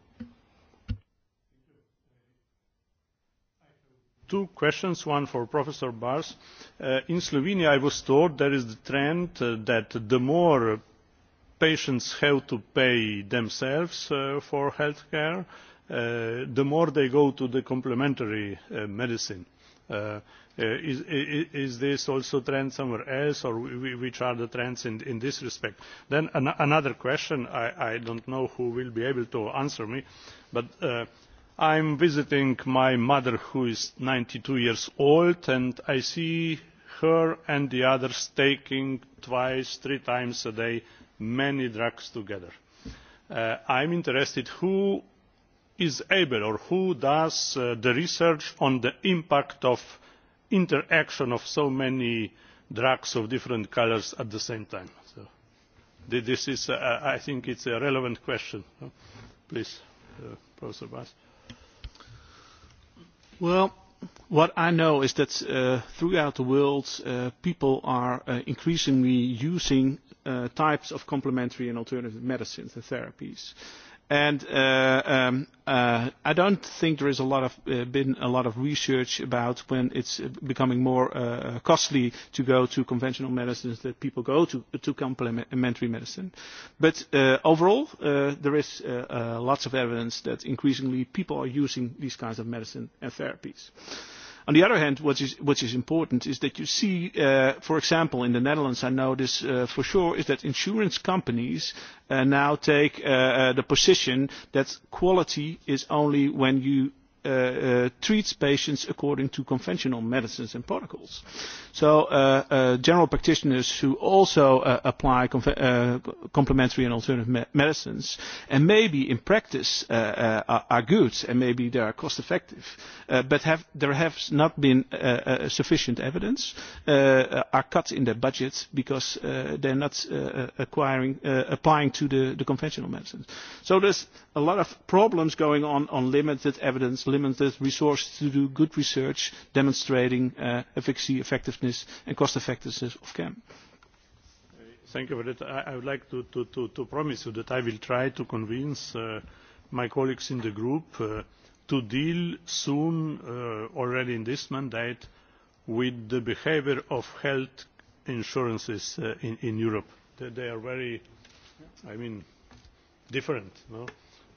two questions one for professor bars. Uh, in slovenia i was told there is a trend uh, that the more patients have to pay themselves uh, for health care the more they go to complementary medicine. Is, this also a trend somewhere else or which are the trends in, this respect? then another question i, I do not know who will be able to answer me but i am visiting my mother who is ninety two years old and i see her and the others taking twice three times a day many drugs together. Uh, i am interested in who is able or who does uh, the research on the impact of interaction of so many drugs of different colours at the same time. this is, i think a relevant question. please uh, professor bass. Well, what I know is that uh, throughout the world, uh, people are uh, increasingly using uh, types of complementary and alternative medicines and therapies. Uh, And uh, um, uh, I don't think there is a lot of uh, been a lot of research about when it's becoming more uh, costly to go to conventional medicines that people go to, to complementary medicine. But uh, overall, uh, there is uh, uh, lots of evidence that increasingly people are using these kinds of medicine and therapies. Uh, On the other hand, what is, which is important is that you see, uh, for example, in the Netherlands, I know this uh, for sure, is that insurance companies uh, now take uh, uh, the position that quality is only when you uh, uh treats patients according to conventional medicines and protocols. So uh, uh, general practitioners who also uh, apply uh, complementary and alternative me medicines and maybe in practice uh, uh, are, are good and maybe they are cost effective uh, but have, there has not been uh, uh, sufficient evidence uh, uh, are cut in their budgets because uh, they're not uh, uh, acquiring, uh, applying to the, the conventional medicines. So there's a lot of problems going on on limited evidence limited resources to do good research demonstrating uh, efficacy, effectiveness and cost effectiveness of CAM. Thank you for that. I, I would like to, to, to, to promise you that I will try to convince uh, my colleagues in the group uh, to deal soon, uh, already in this mandate, with the behaviour of health insurances uh, in, in Europe. They, they are very, I mean, different. No?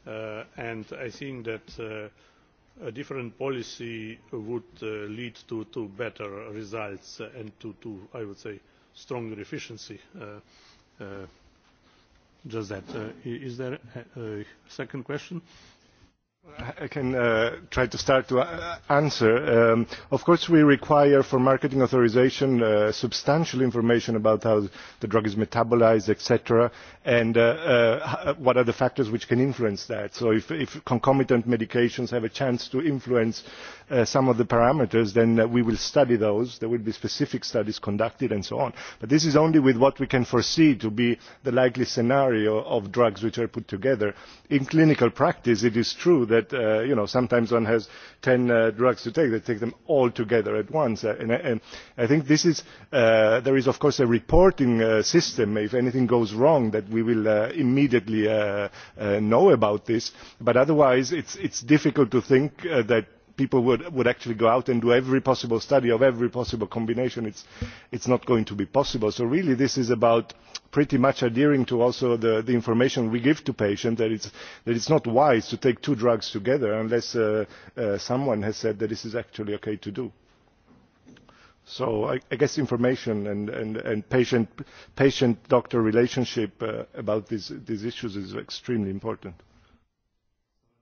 Uh, and I think that uh, a different policy would uh, lead to, better results and to i would say stronger efficiency. just uh, uh, that. is there a second question? I can uh, try to start to uh, answer. Um, of course, we require for marketing authorization uh, substantial information about how the drug is metabolized, etc., and uh, uh, what are the factors which can influence that. So if, if concomitant medications have a chance to influence uh, some of the parameters, then uh, we will study those. There will be specific studies conducted and so on. But this is only with what we can foresee to be the likely scenario of drugs which are put together. In clinical practice, it is true that that uh, you know sometimes one has 10 uh, drugs to take they take them all together at once uh, and, and i think this is uh, there is of course a reporting uh, system if anything goes wrong that we will uh, immediately uh, uh, know about this but otherwise it's it's difficult to think uh, that people would, would actually go out and do every possible study of every possible combination it is not going to be possible. so really this is about pretty much adhering to also the, the information we give to patients that it is not wise to take two drugs together unless uh, uh, someone has said that this is actually okay to do. so i, I guess information and, and, and patient, patient doctor relationship uh, about these, these issues is extremely important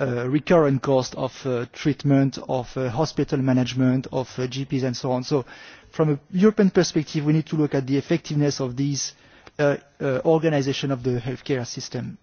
uh, recurrent cost of uh, treatment, of uh, hospital management, of uh, GPs and so on. So from a European perspective, we need to look at the effectiveness of these uh, uh, organization of the healthcare system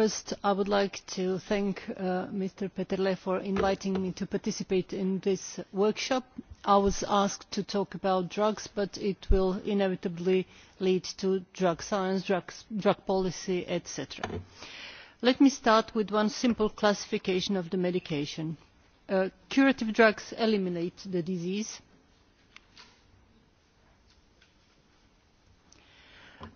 first i would like to thank uh, mr peterle for inviting me to participate in this workshop. i was asked to talk about drugs but it will inevitably lead to drug science drug policy etc. let me start with one simple classification of the medication. Uh, curative drugs eliminate the disease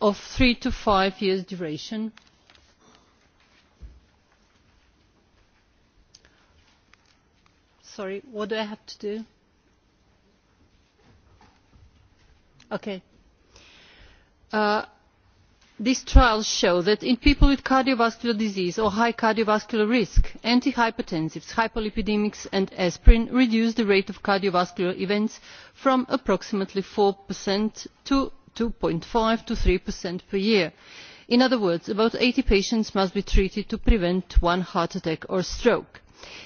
of three to five years duration. Sorry, what do I have to do? Okay. Uh, these trials show that in people with cardiovascular disease or high cardiovascular risk antihypertensives hypolipidemics and aspirin reduce the rate of cardiovascular events from approximately four to two five to three per year. in other words about eighty patients must be treated to prevent one heart attack or stroke.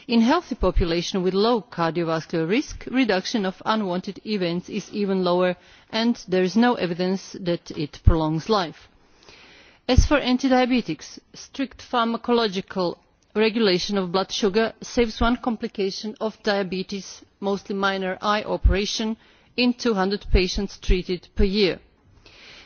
in a healthy population with low cardiovascular risk the reduction of unwanted events is even lower and there is no evidence that it prolongs life. as for anti diabetics strict pharmacological regulation of blood sugar saves one complication of diabetes mostly minor eye operation in two hundred patients treated per year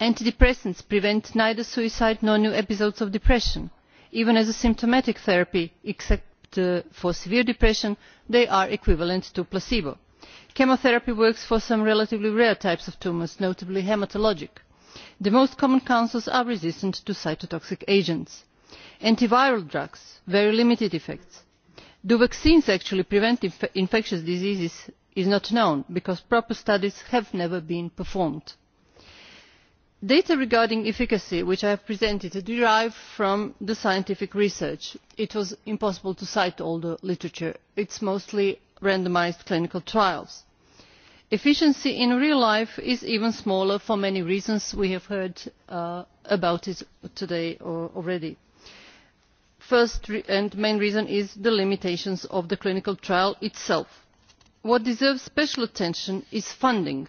antidepressants prevent neither suicide nor new episodes of depression. even as a symptomatic therapy except uh, for severe depression they are equivalent to placebo. chemotherapy works for some relatively rare types of tumours notably haematologic. the most common cancers are resistant to cytotoxic agents. antiviral drugs have very limited effects. do vaccines actually prevent inf infectious diseases is not known because proper studies have never been performed data regarding efficacy which i have presented are derived from scientific research. it was impossible to cite all the literature it is mostly randomised clinical trials. efficiency in real life is even smaller for many reasons we have heard uh, about it today already. the first and main reason is the limitations of the clinical trial itself. what deserves special attention is funding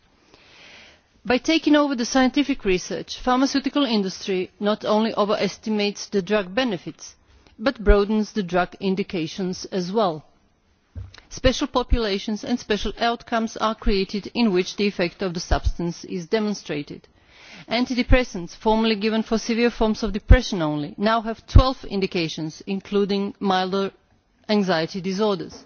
by taking over the scientific research the pharmaceutical industry not only overestimates the drug benefits but broadens the drug indications as well. special populations and special outcomes are created in which the effect of the substance is demonstrated. antidepressants formerly given for severe forms of depression only now have twelve indications including milder anxiety disorders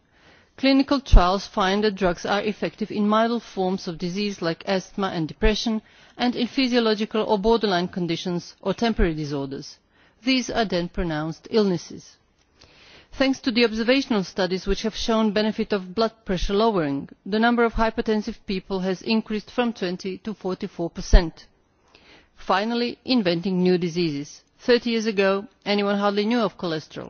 clinical trials find that drugs are effective in mild forms of disease like asthma and depression and in physiological or borderline conditions or temporary disorders. these are then pronounced illnesses. thanks to the observational studies which have shown the benefit of blood pressure lowering the number of hypertensive people has increased from twenty to. forty four finally inventing new diseases. thirty years ago anyone hardly knew of cholesterol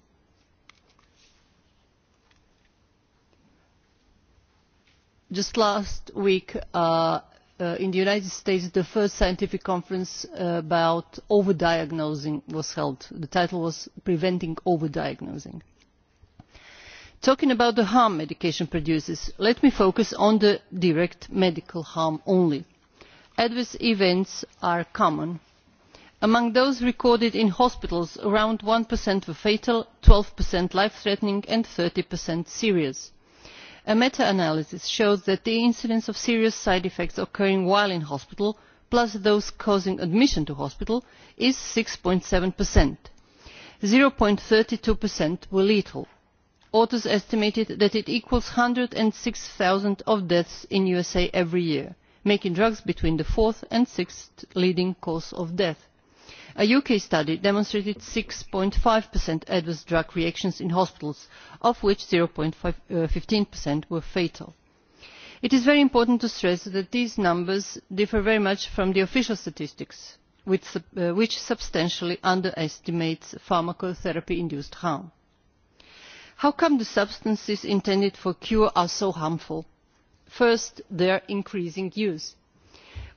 just last week uh, uh, in the united states the first scientific conference uh, about over diagnosing was held. the title was preventing over diagnosing'. talking about the harm medication produces let me focus on the direct medical harm only. adverse events are common. among those recorded in hospitals around one were fatal twelve life threatening and thirty serious a meta analysis shows that the incidence of serious side effects occurring while in hospital plus those causing admission to hospital is. six seven zero thirty two were lethal. authors estimated that it equals one hundred and six zero deaths in the usa every year making drugs between the fourth and sixth leading cause of death a uk study demonstrated six five adverse drug reactions in hospitals of which. zero uh, fifteen were fatal. it is very important to stress that these numbers differ very much from the official statistics which, uh, which substantially underestimate pharmacotherapy induced harm. how come the substances intended for cure are so harmful? first their increasing use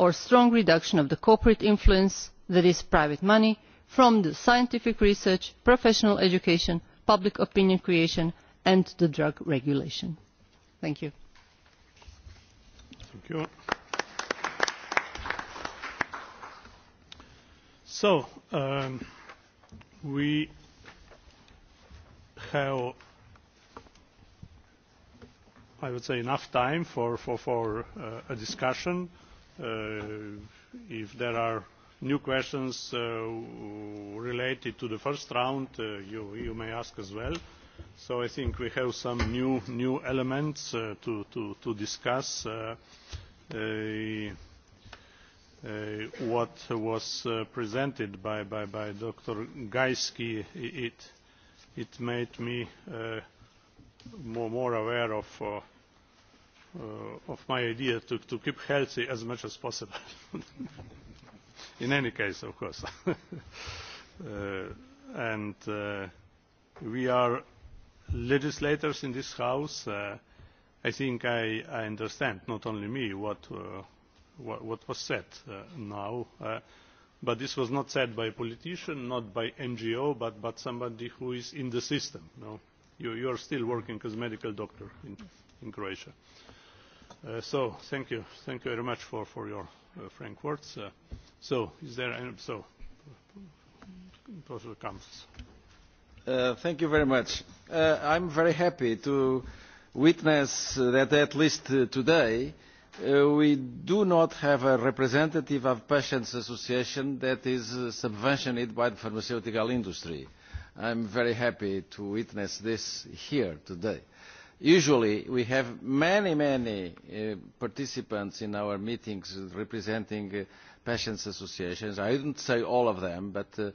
or strong reduction of the corporate influence that is private money from the scientific research professional education public opinion creation and the drug regulation. thank you. Thank you. So, um, we have i would say enough time for, for, for uh, a discussion. Uh, if there are new questions uh, related to the first round uh, you, may ask as well so i think we have some new, elements to, discuss what was presented by, Dr. Gajski, it, made me more, aware of, uh, of my idea to, to keep healthy as much as possible. in any case, of course. uh, and uh, we are legislators in this House. Uh, I think I, I understand, not only me, what, uh, what, what was said uh, now. Uh, but this was not said by a politician, not by NGO, but, but somebody who is in the system. No? You, you are still working as a medical doctor in, in Croatia. Uh, Uh, so thank you thank you very much for for your uh, frank words uh, so is there any so professor Kamps. Uh, thank you very much uh, i'm very happy to witness that at least uh, today uh, we do not have a representative of patients association that is uh, subventioned by the pharmaceutical industry i'm very happy to witness this here today uh, usually we have many many uh, participants in our meetings representing uh, patients' associations. i would not say all of them but uh,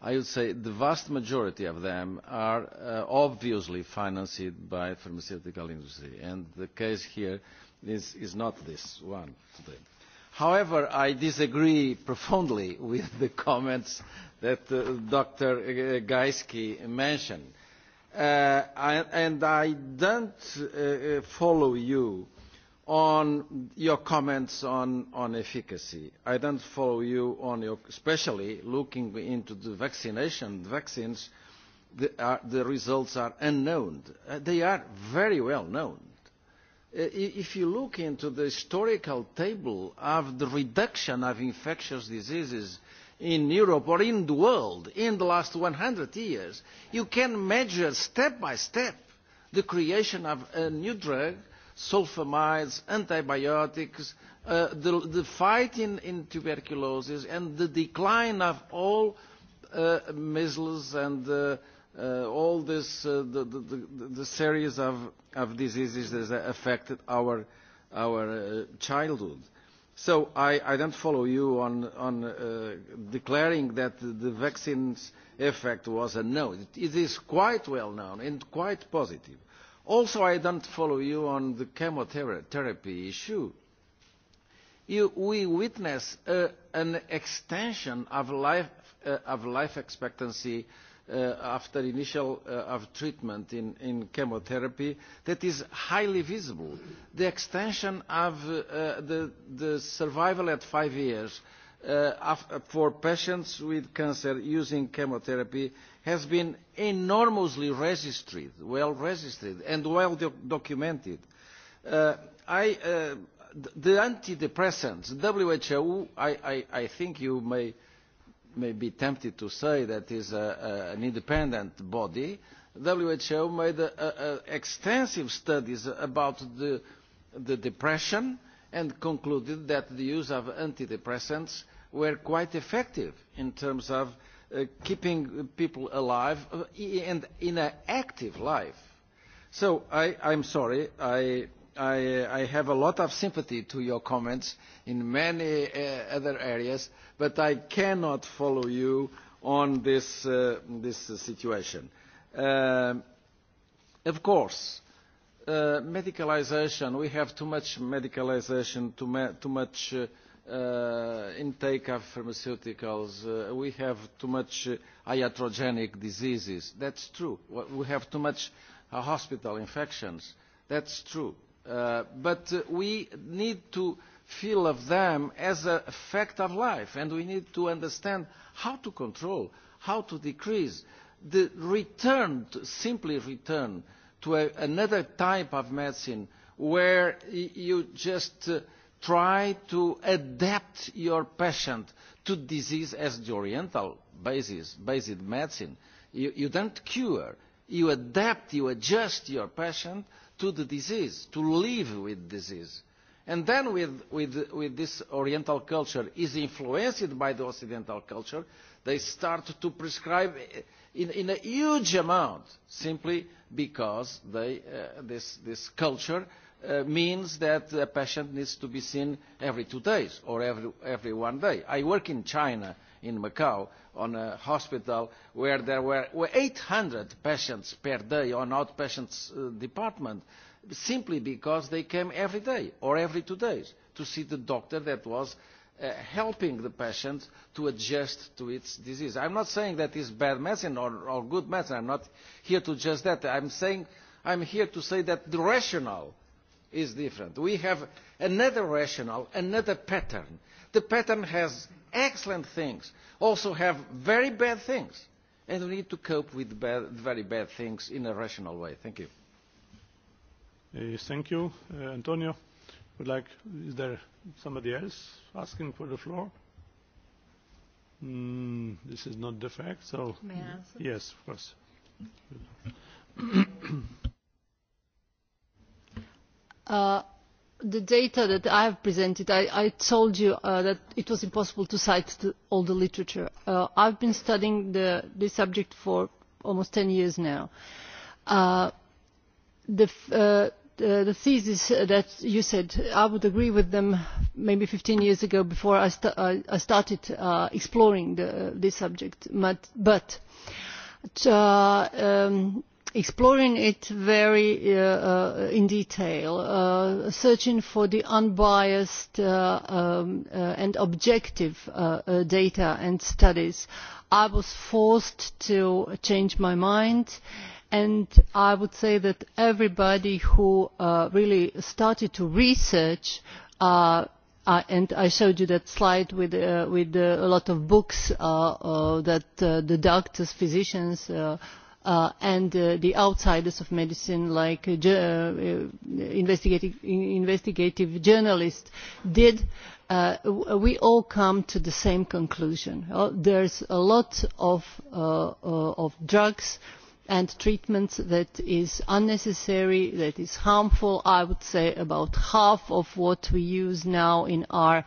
i would say the vast majority of them are obviously financed by the pharmaceutical industry and the case here is, is not this one. Today. however i disagree profoundly with the comments that dr gajski mentioned Uh, and I don't uh, uh, follow you on your comments on, on efficacy. I don't follow you on your, especially looking into the vaccination, the vaccines, the, uh, the results are unknown. Uh, they are very well known. Uh, if you look into the historical table of the reduction of infectious diseases in Europe or in the world in the last 100 years, you can measure step by step the creation of a new drug, sulfamides, antibiotics, uh, the, the fight in, in tuberculosis and the decline of all uh, measles and uh, uh, all this, uh, the, the, the, the series of, of diseases that affected our, our uh, childhood. Uh, So I, I don't follow you on, on uh, declaring that the vaccine's effect was unknown. It, it is quite well known and quite positive. Also, I don't follow you on the chemotherapy issue. You, we witness uh, an extension of life, uh, of life expectancy uh, Uh, after initial uh, of treatment in, in chemotherapy that is highly visible. The extension of uh, the, the survival at five years Uh, for patients with cancer using chemotherapy has been enormously registered, well registered and well doc documented. Uh, I, uh, the antidepressants, WHO, I, I, I think you may may be tempted to say that is a, a, an independent body, WHO made a, a, extensive studies about the, the depression and concluded that the use of antidepressants were quite effective in terms of uh, keeping people alive uh, and in an active life. So I, I'm sorry, I, I, I have a lot of sympathy to your comments in many uh, other areas, but I cannot follow you on this, uh, this uh, situation. Uh, of course, uh, medicalization, we have too much medicalization, too, ma too much uh, uh, intake of pharmaceuticals, uh, we have too much uh, iatrogenic diseases. That's true. We have too much uh, hospital infections. That's true Uh, but uh, we need to feel of them as a fact of life, and we need to understand how to control, how to decrease. The return, to, simply return to a, another type of medicine where you just uh, try to adapt your patient to disease as the oriental basis, basic medicine. You, you don't cure, you adapt, you adjust your patient to the disease, to live with disease. And then with, with, with this Oriental culture is influenced by the Occidental culture, they start to prescribe in, in a huge amount simply because they, uh, this, this culture uh, means that a patient needs to be seen every two days or every, every one day. I work in China in Macau on a hospital where there were 800 patients per day on outpatients uh, department simply because they came every day or every two days to see the doctor that was uh, helping the patient to adjust to its disease. I'm not saying that it's bad medicine or, or good medicine. I'm not here to judge that. I'm, saying, I'm here to say that the rationale is different. We have another rationale, another pattern the pattern has excellent things, also have very bad things, and we need to cope with bad, very bad things in a rational way. Thank you. Uh, thank you, uh, Antonio. Would like, is there somebody else asking for the floor? Mm, this is not the fact, so May I yes, of course. uh, the data that i have presented i, told you uh, that it was impossible to cite all the literature. Uh, i have been studying this subject for almost ten years now. Uh, the, the thesis that you said i would agree with them maybe fifteen years ago before i, started exploring this subject but, um, exploring it very uh, uh, in detail, uh, searching for the unbiased uh, um, uh, and objective uh, uh, data and studies, I was forced to change my mind and I would say that everybody who uh, really started to research uh, and I showed you that slide with, uh, with uh, a lot of books uh, uh, that uh, the doctors, physicians, uh, uh, and uh, the outsiders of medicine like uh, uh, uh investigative, investigative journalists did uh, uh, we all come to the same conclusion. Uh, there's a lot of, uh, uh, of drugs and treatments that is unnecessary that is harmful. i would say about half of what we use now in our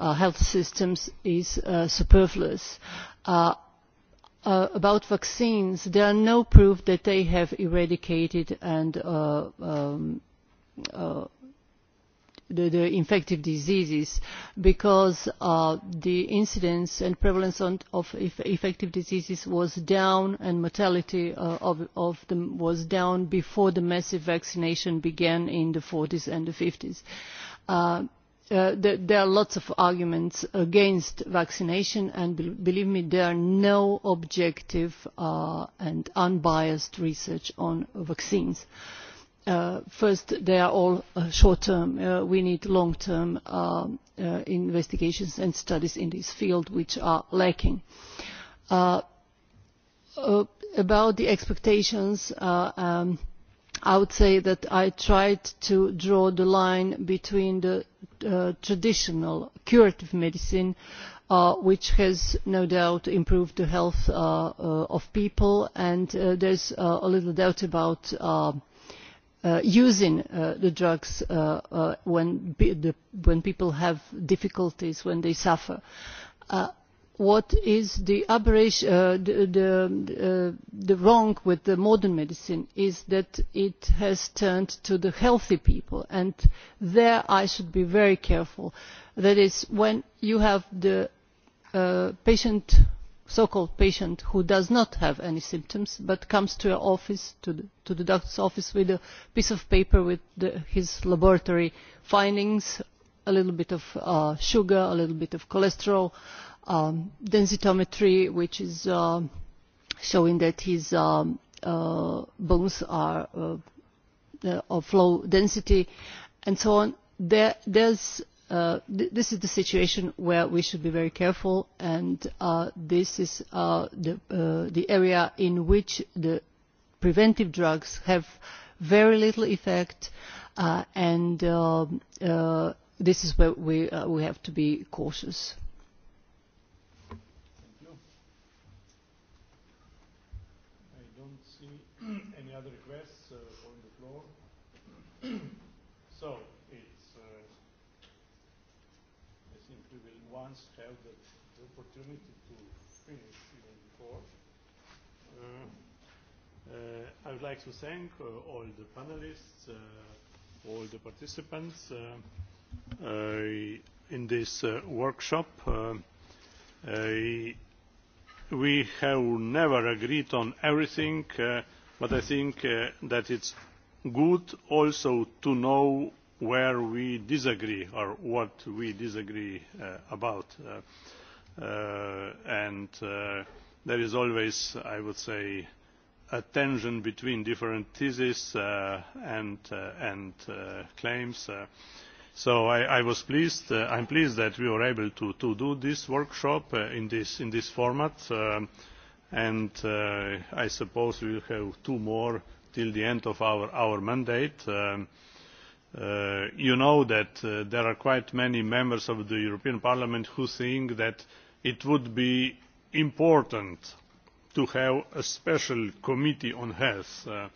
uh, health systems is uh, superfluous. Uh, Uh, about vaccines, there are no proof that they have eradicated and uh, um, uh, the, infective diseases because the incidence and prevalence of infective diseases was down and mortality of, them was down before the massive vaccination began in the 40s and the 50s. Uh, there, there are lots of arguments against vaccination and be believe me there are no objective uh, and unbiased research on vaccines. Uh, first they are all uh, short term uh, we need long term uh, investigations and studies in this field which are lacking. about the expectations um, i would say that i tried to draw the line between the uh, traditional curative medicine uh, which has no doubt improved the health uh, of people and there there's a little doubt about using the drugs when, when people have difficulties when they suffer what is uh, uh, the, wrong with the modern medicine is that it has turned to the healthy people and there i should be very careful that is when you have the uh, patient so called patient who does not have any symptoms but comes to your office to the, doctor's office with a piece of paper with his laboratory findings a little bit of sugar a little bit of cholesterol um, densitometry, which is uh, showing that his um, uh, bones are uh, of low density, and so on. There, there's, uh, th this is the situation where we should be very careful, and uh, this is uh, the, uh, the area in which the preventive drugs have very little effect, uh, and uh, uh, this is where we, uh, we have to be cautious. once have the, the opportunity to finish even before. Uh, uh, I would like to thank uh, all the panelists, uh, all the participants uh, uh, in this uh, workshop. Uh, uh, we have never agreed on everything, uh, but I think uh, that it's good also to know where we disagree or what we disagree uh, about uh, uh, and uh, there is always i would say a tension between different theses uh, and, uh, and claims so i, I was pleased i am pleased that we were able to, to do this workshop in this, in this format um, and i suppose we will have two more till the end of our, our mandate. Um, Uh, you know that uh, there are quite many members of the european parliament who think that it would be important to have a special committee on health uh,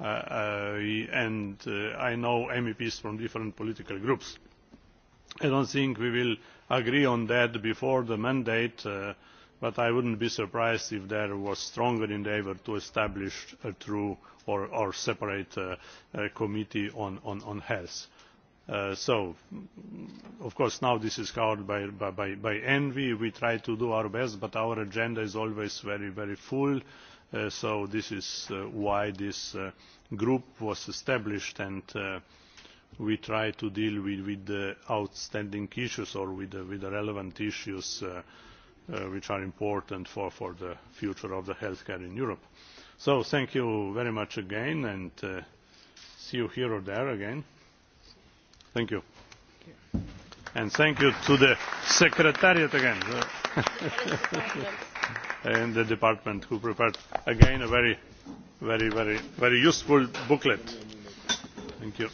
and i know meps from different political groups. i do not think we will agree on that before the mandate but i would not be surprised if there was stronger endeavour to establish a true or, separate uh, uh, committee on, health. Uh, so of course now this is covered by, by, by envi we try to do our best but our agenda is always very very full so this is why this group was established and we try to deal with, the outstanding issues or with the relevant issues Uh, which are important for, for the future of the healthcare in Europe. So thank you very much again and uh, see you here or there again. Thank you. Thank you. And thank you to the Secretariat again and the department who prepared again a very, very, very, very useful booklet. Thank you.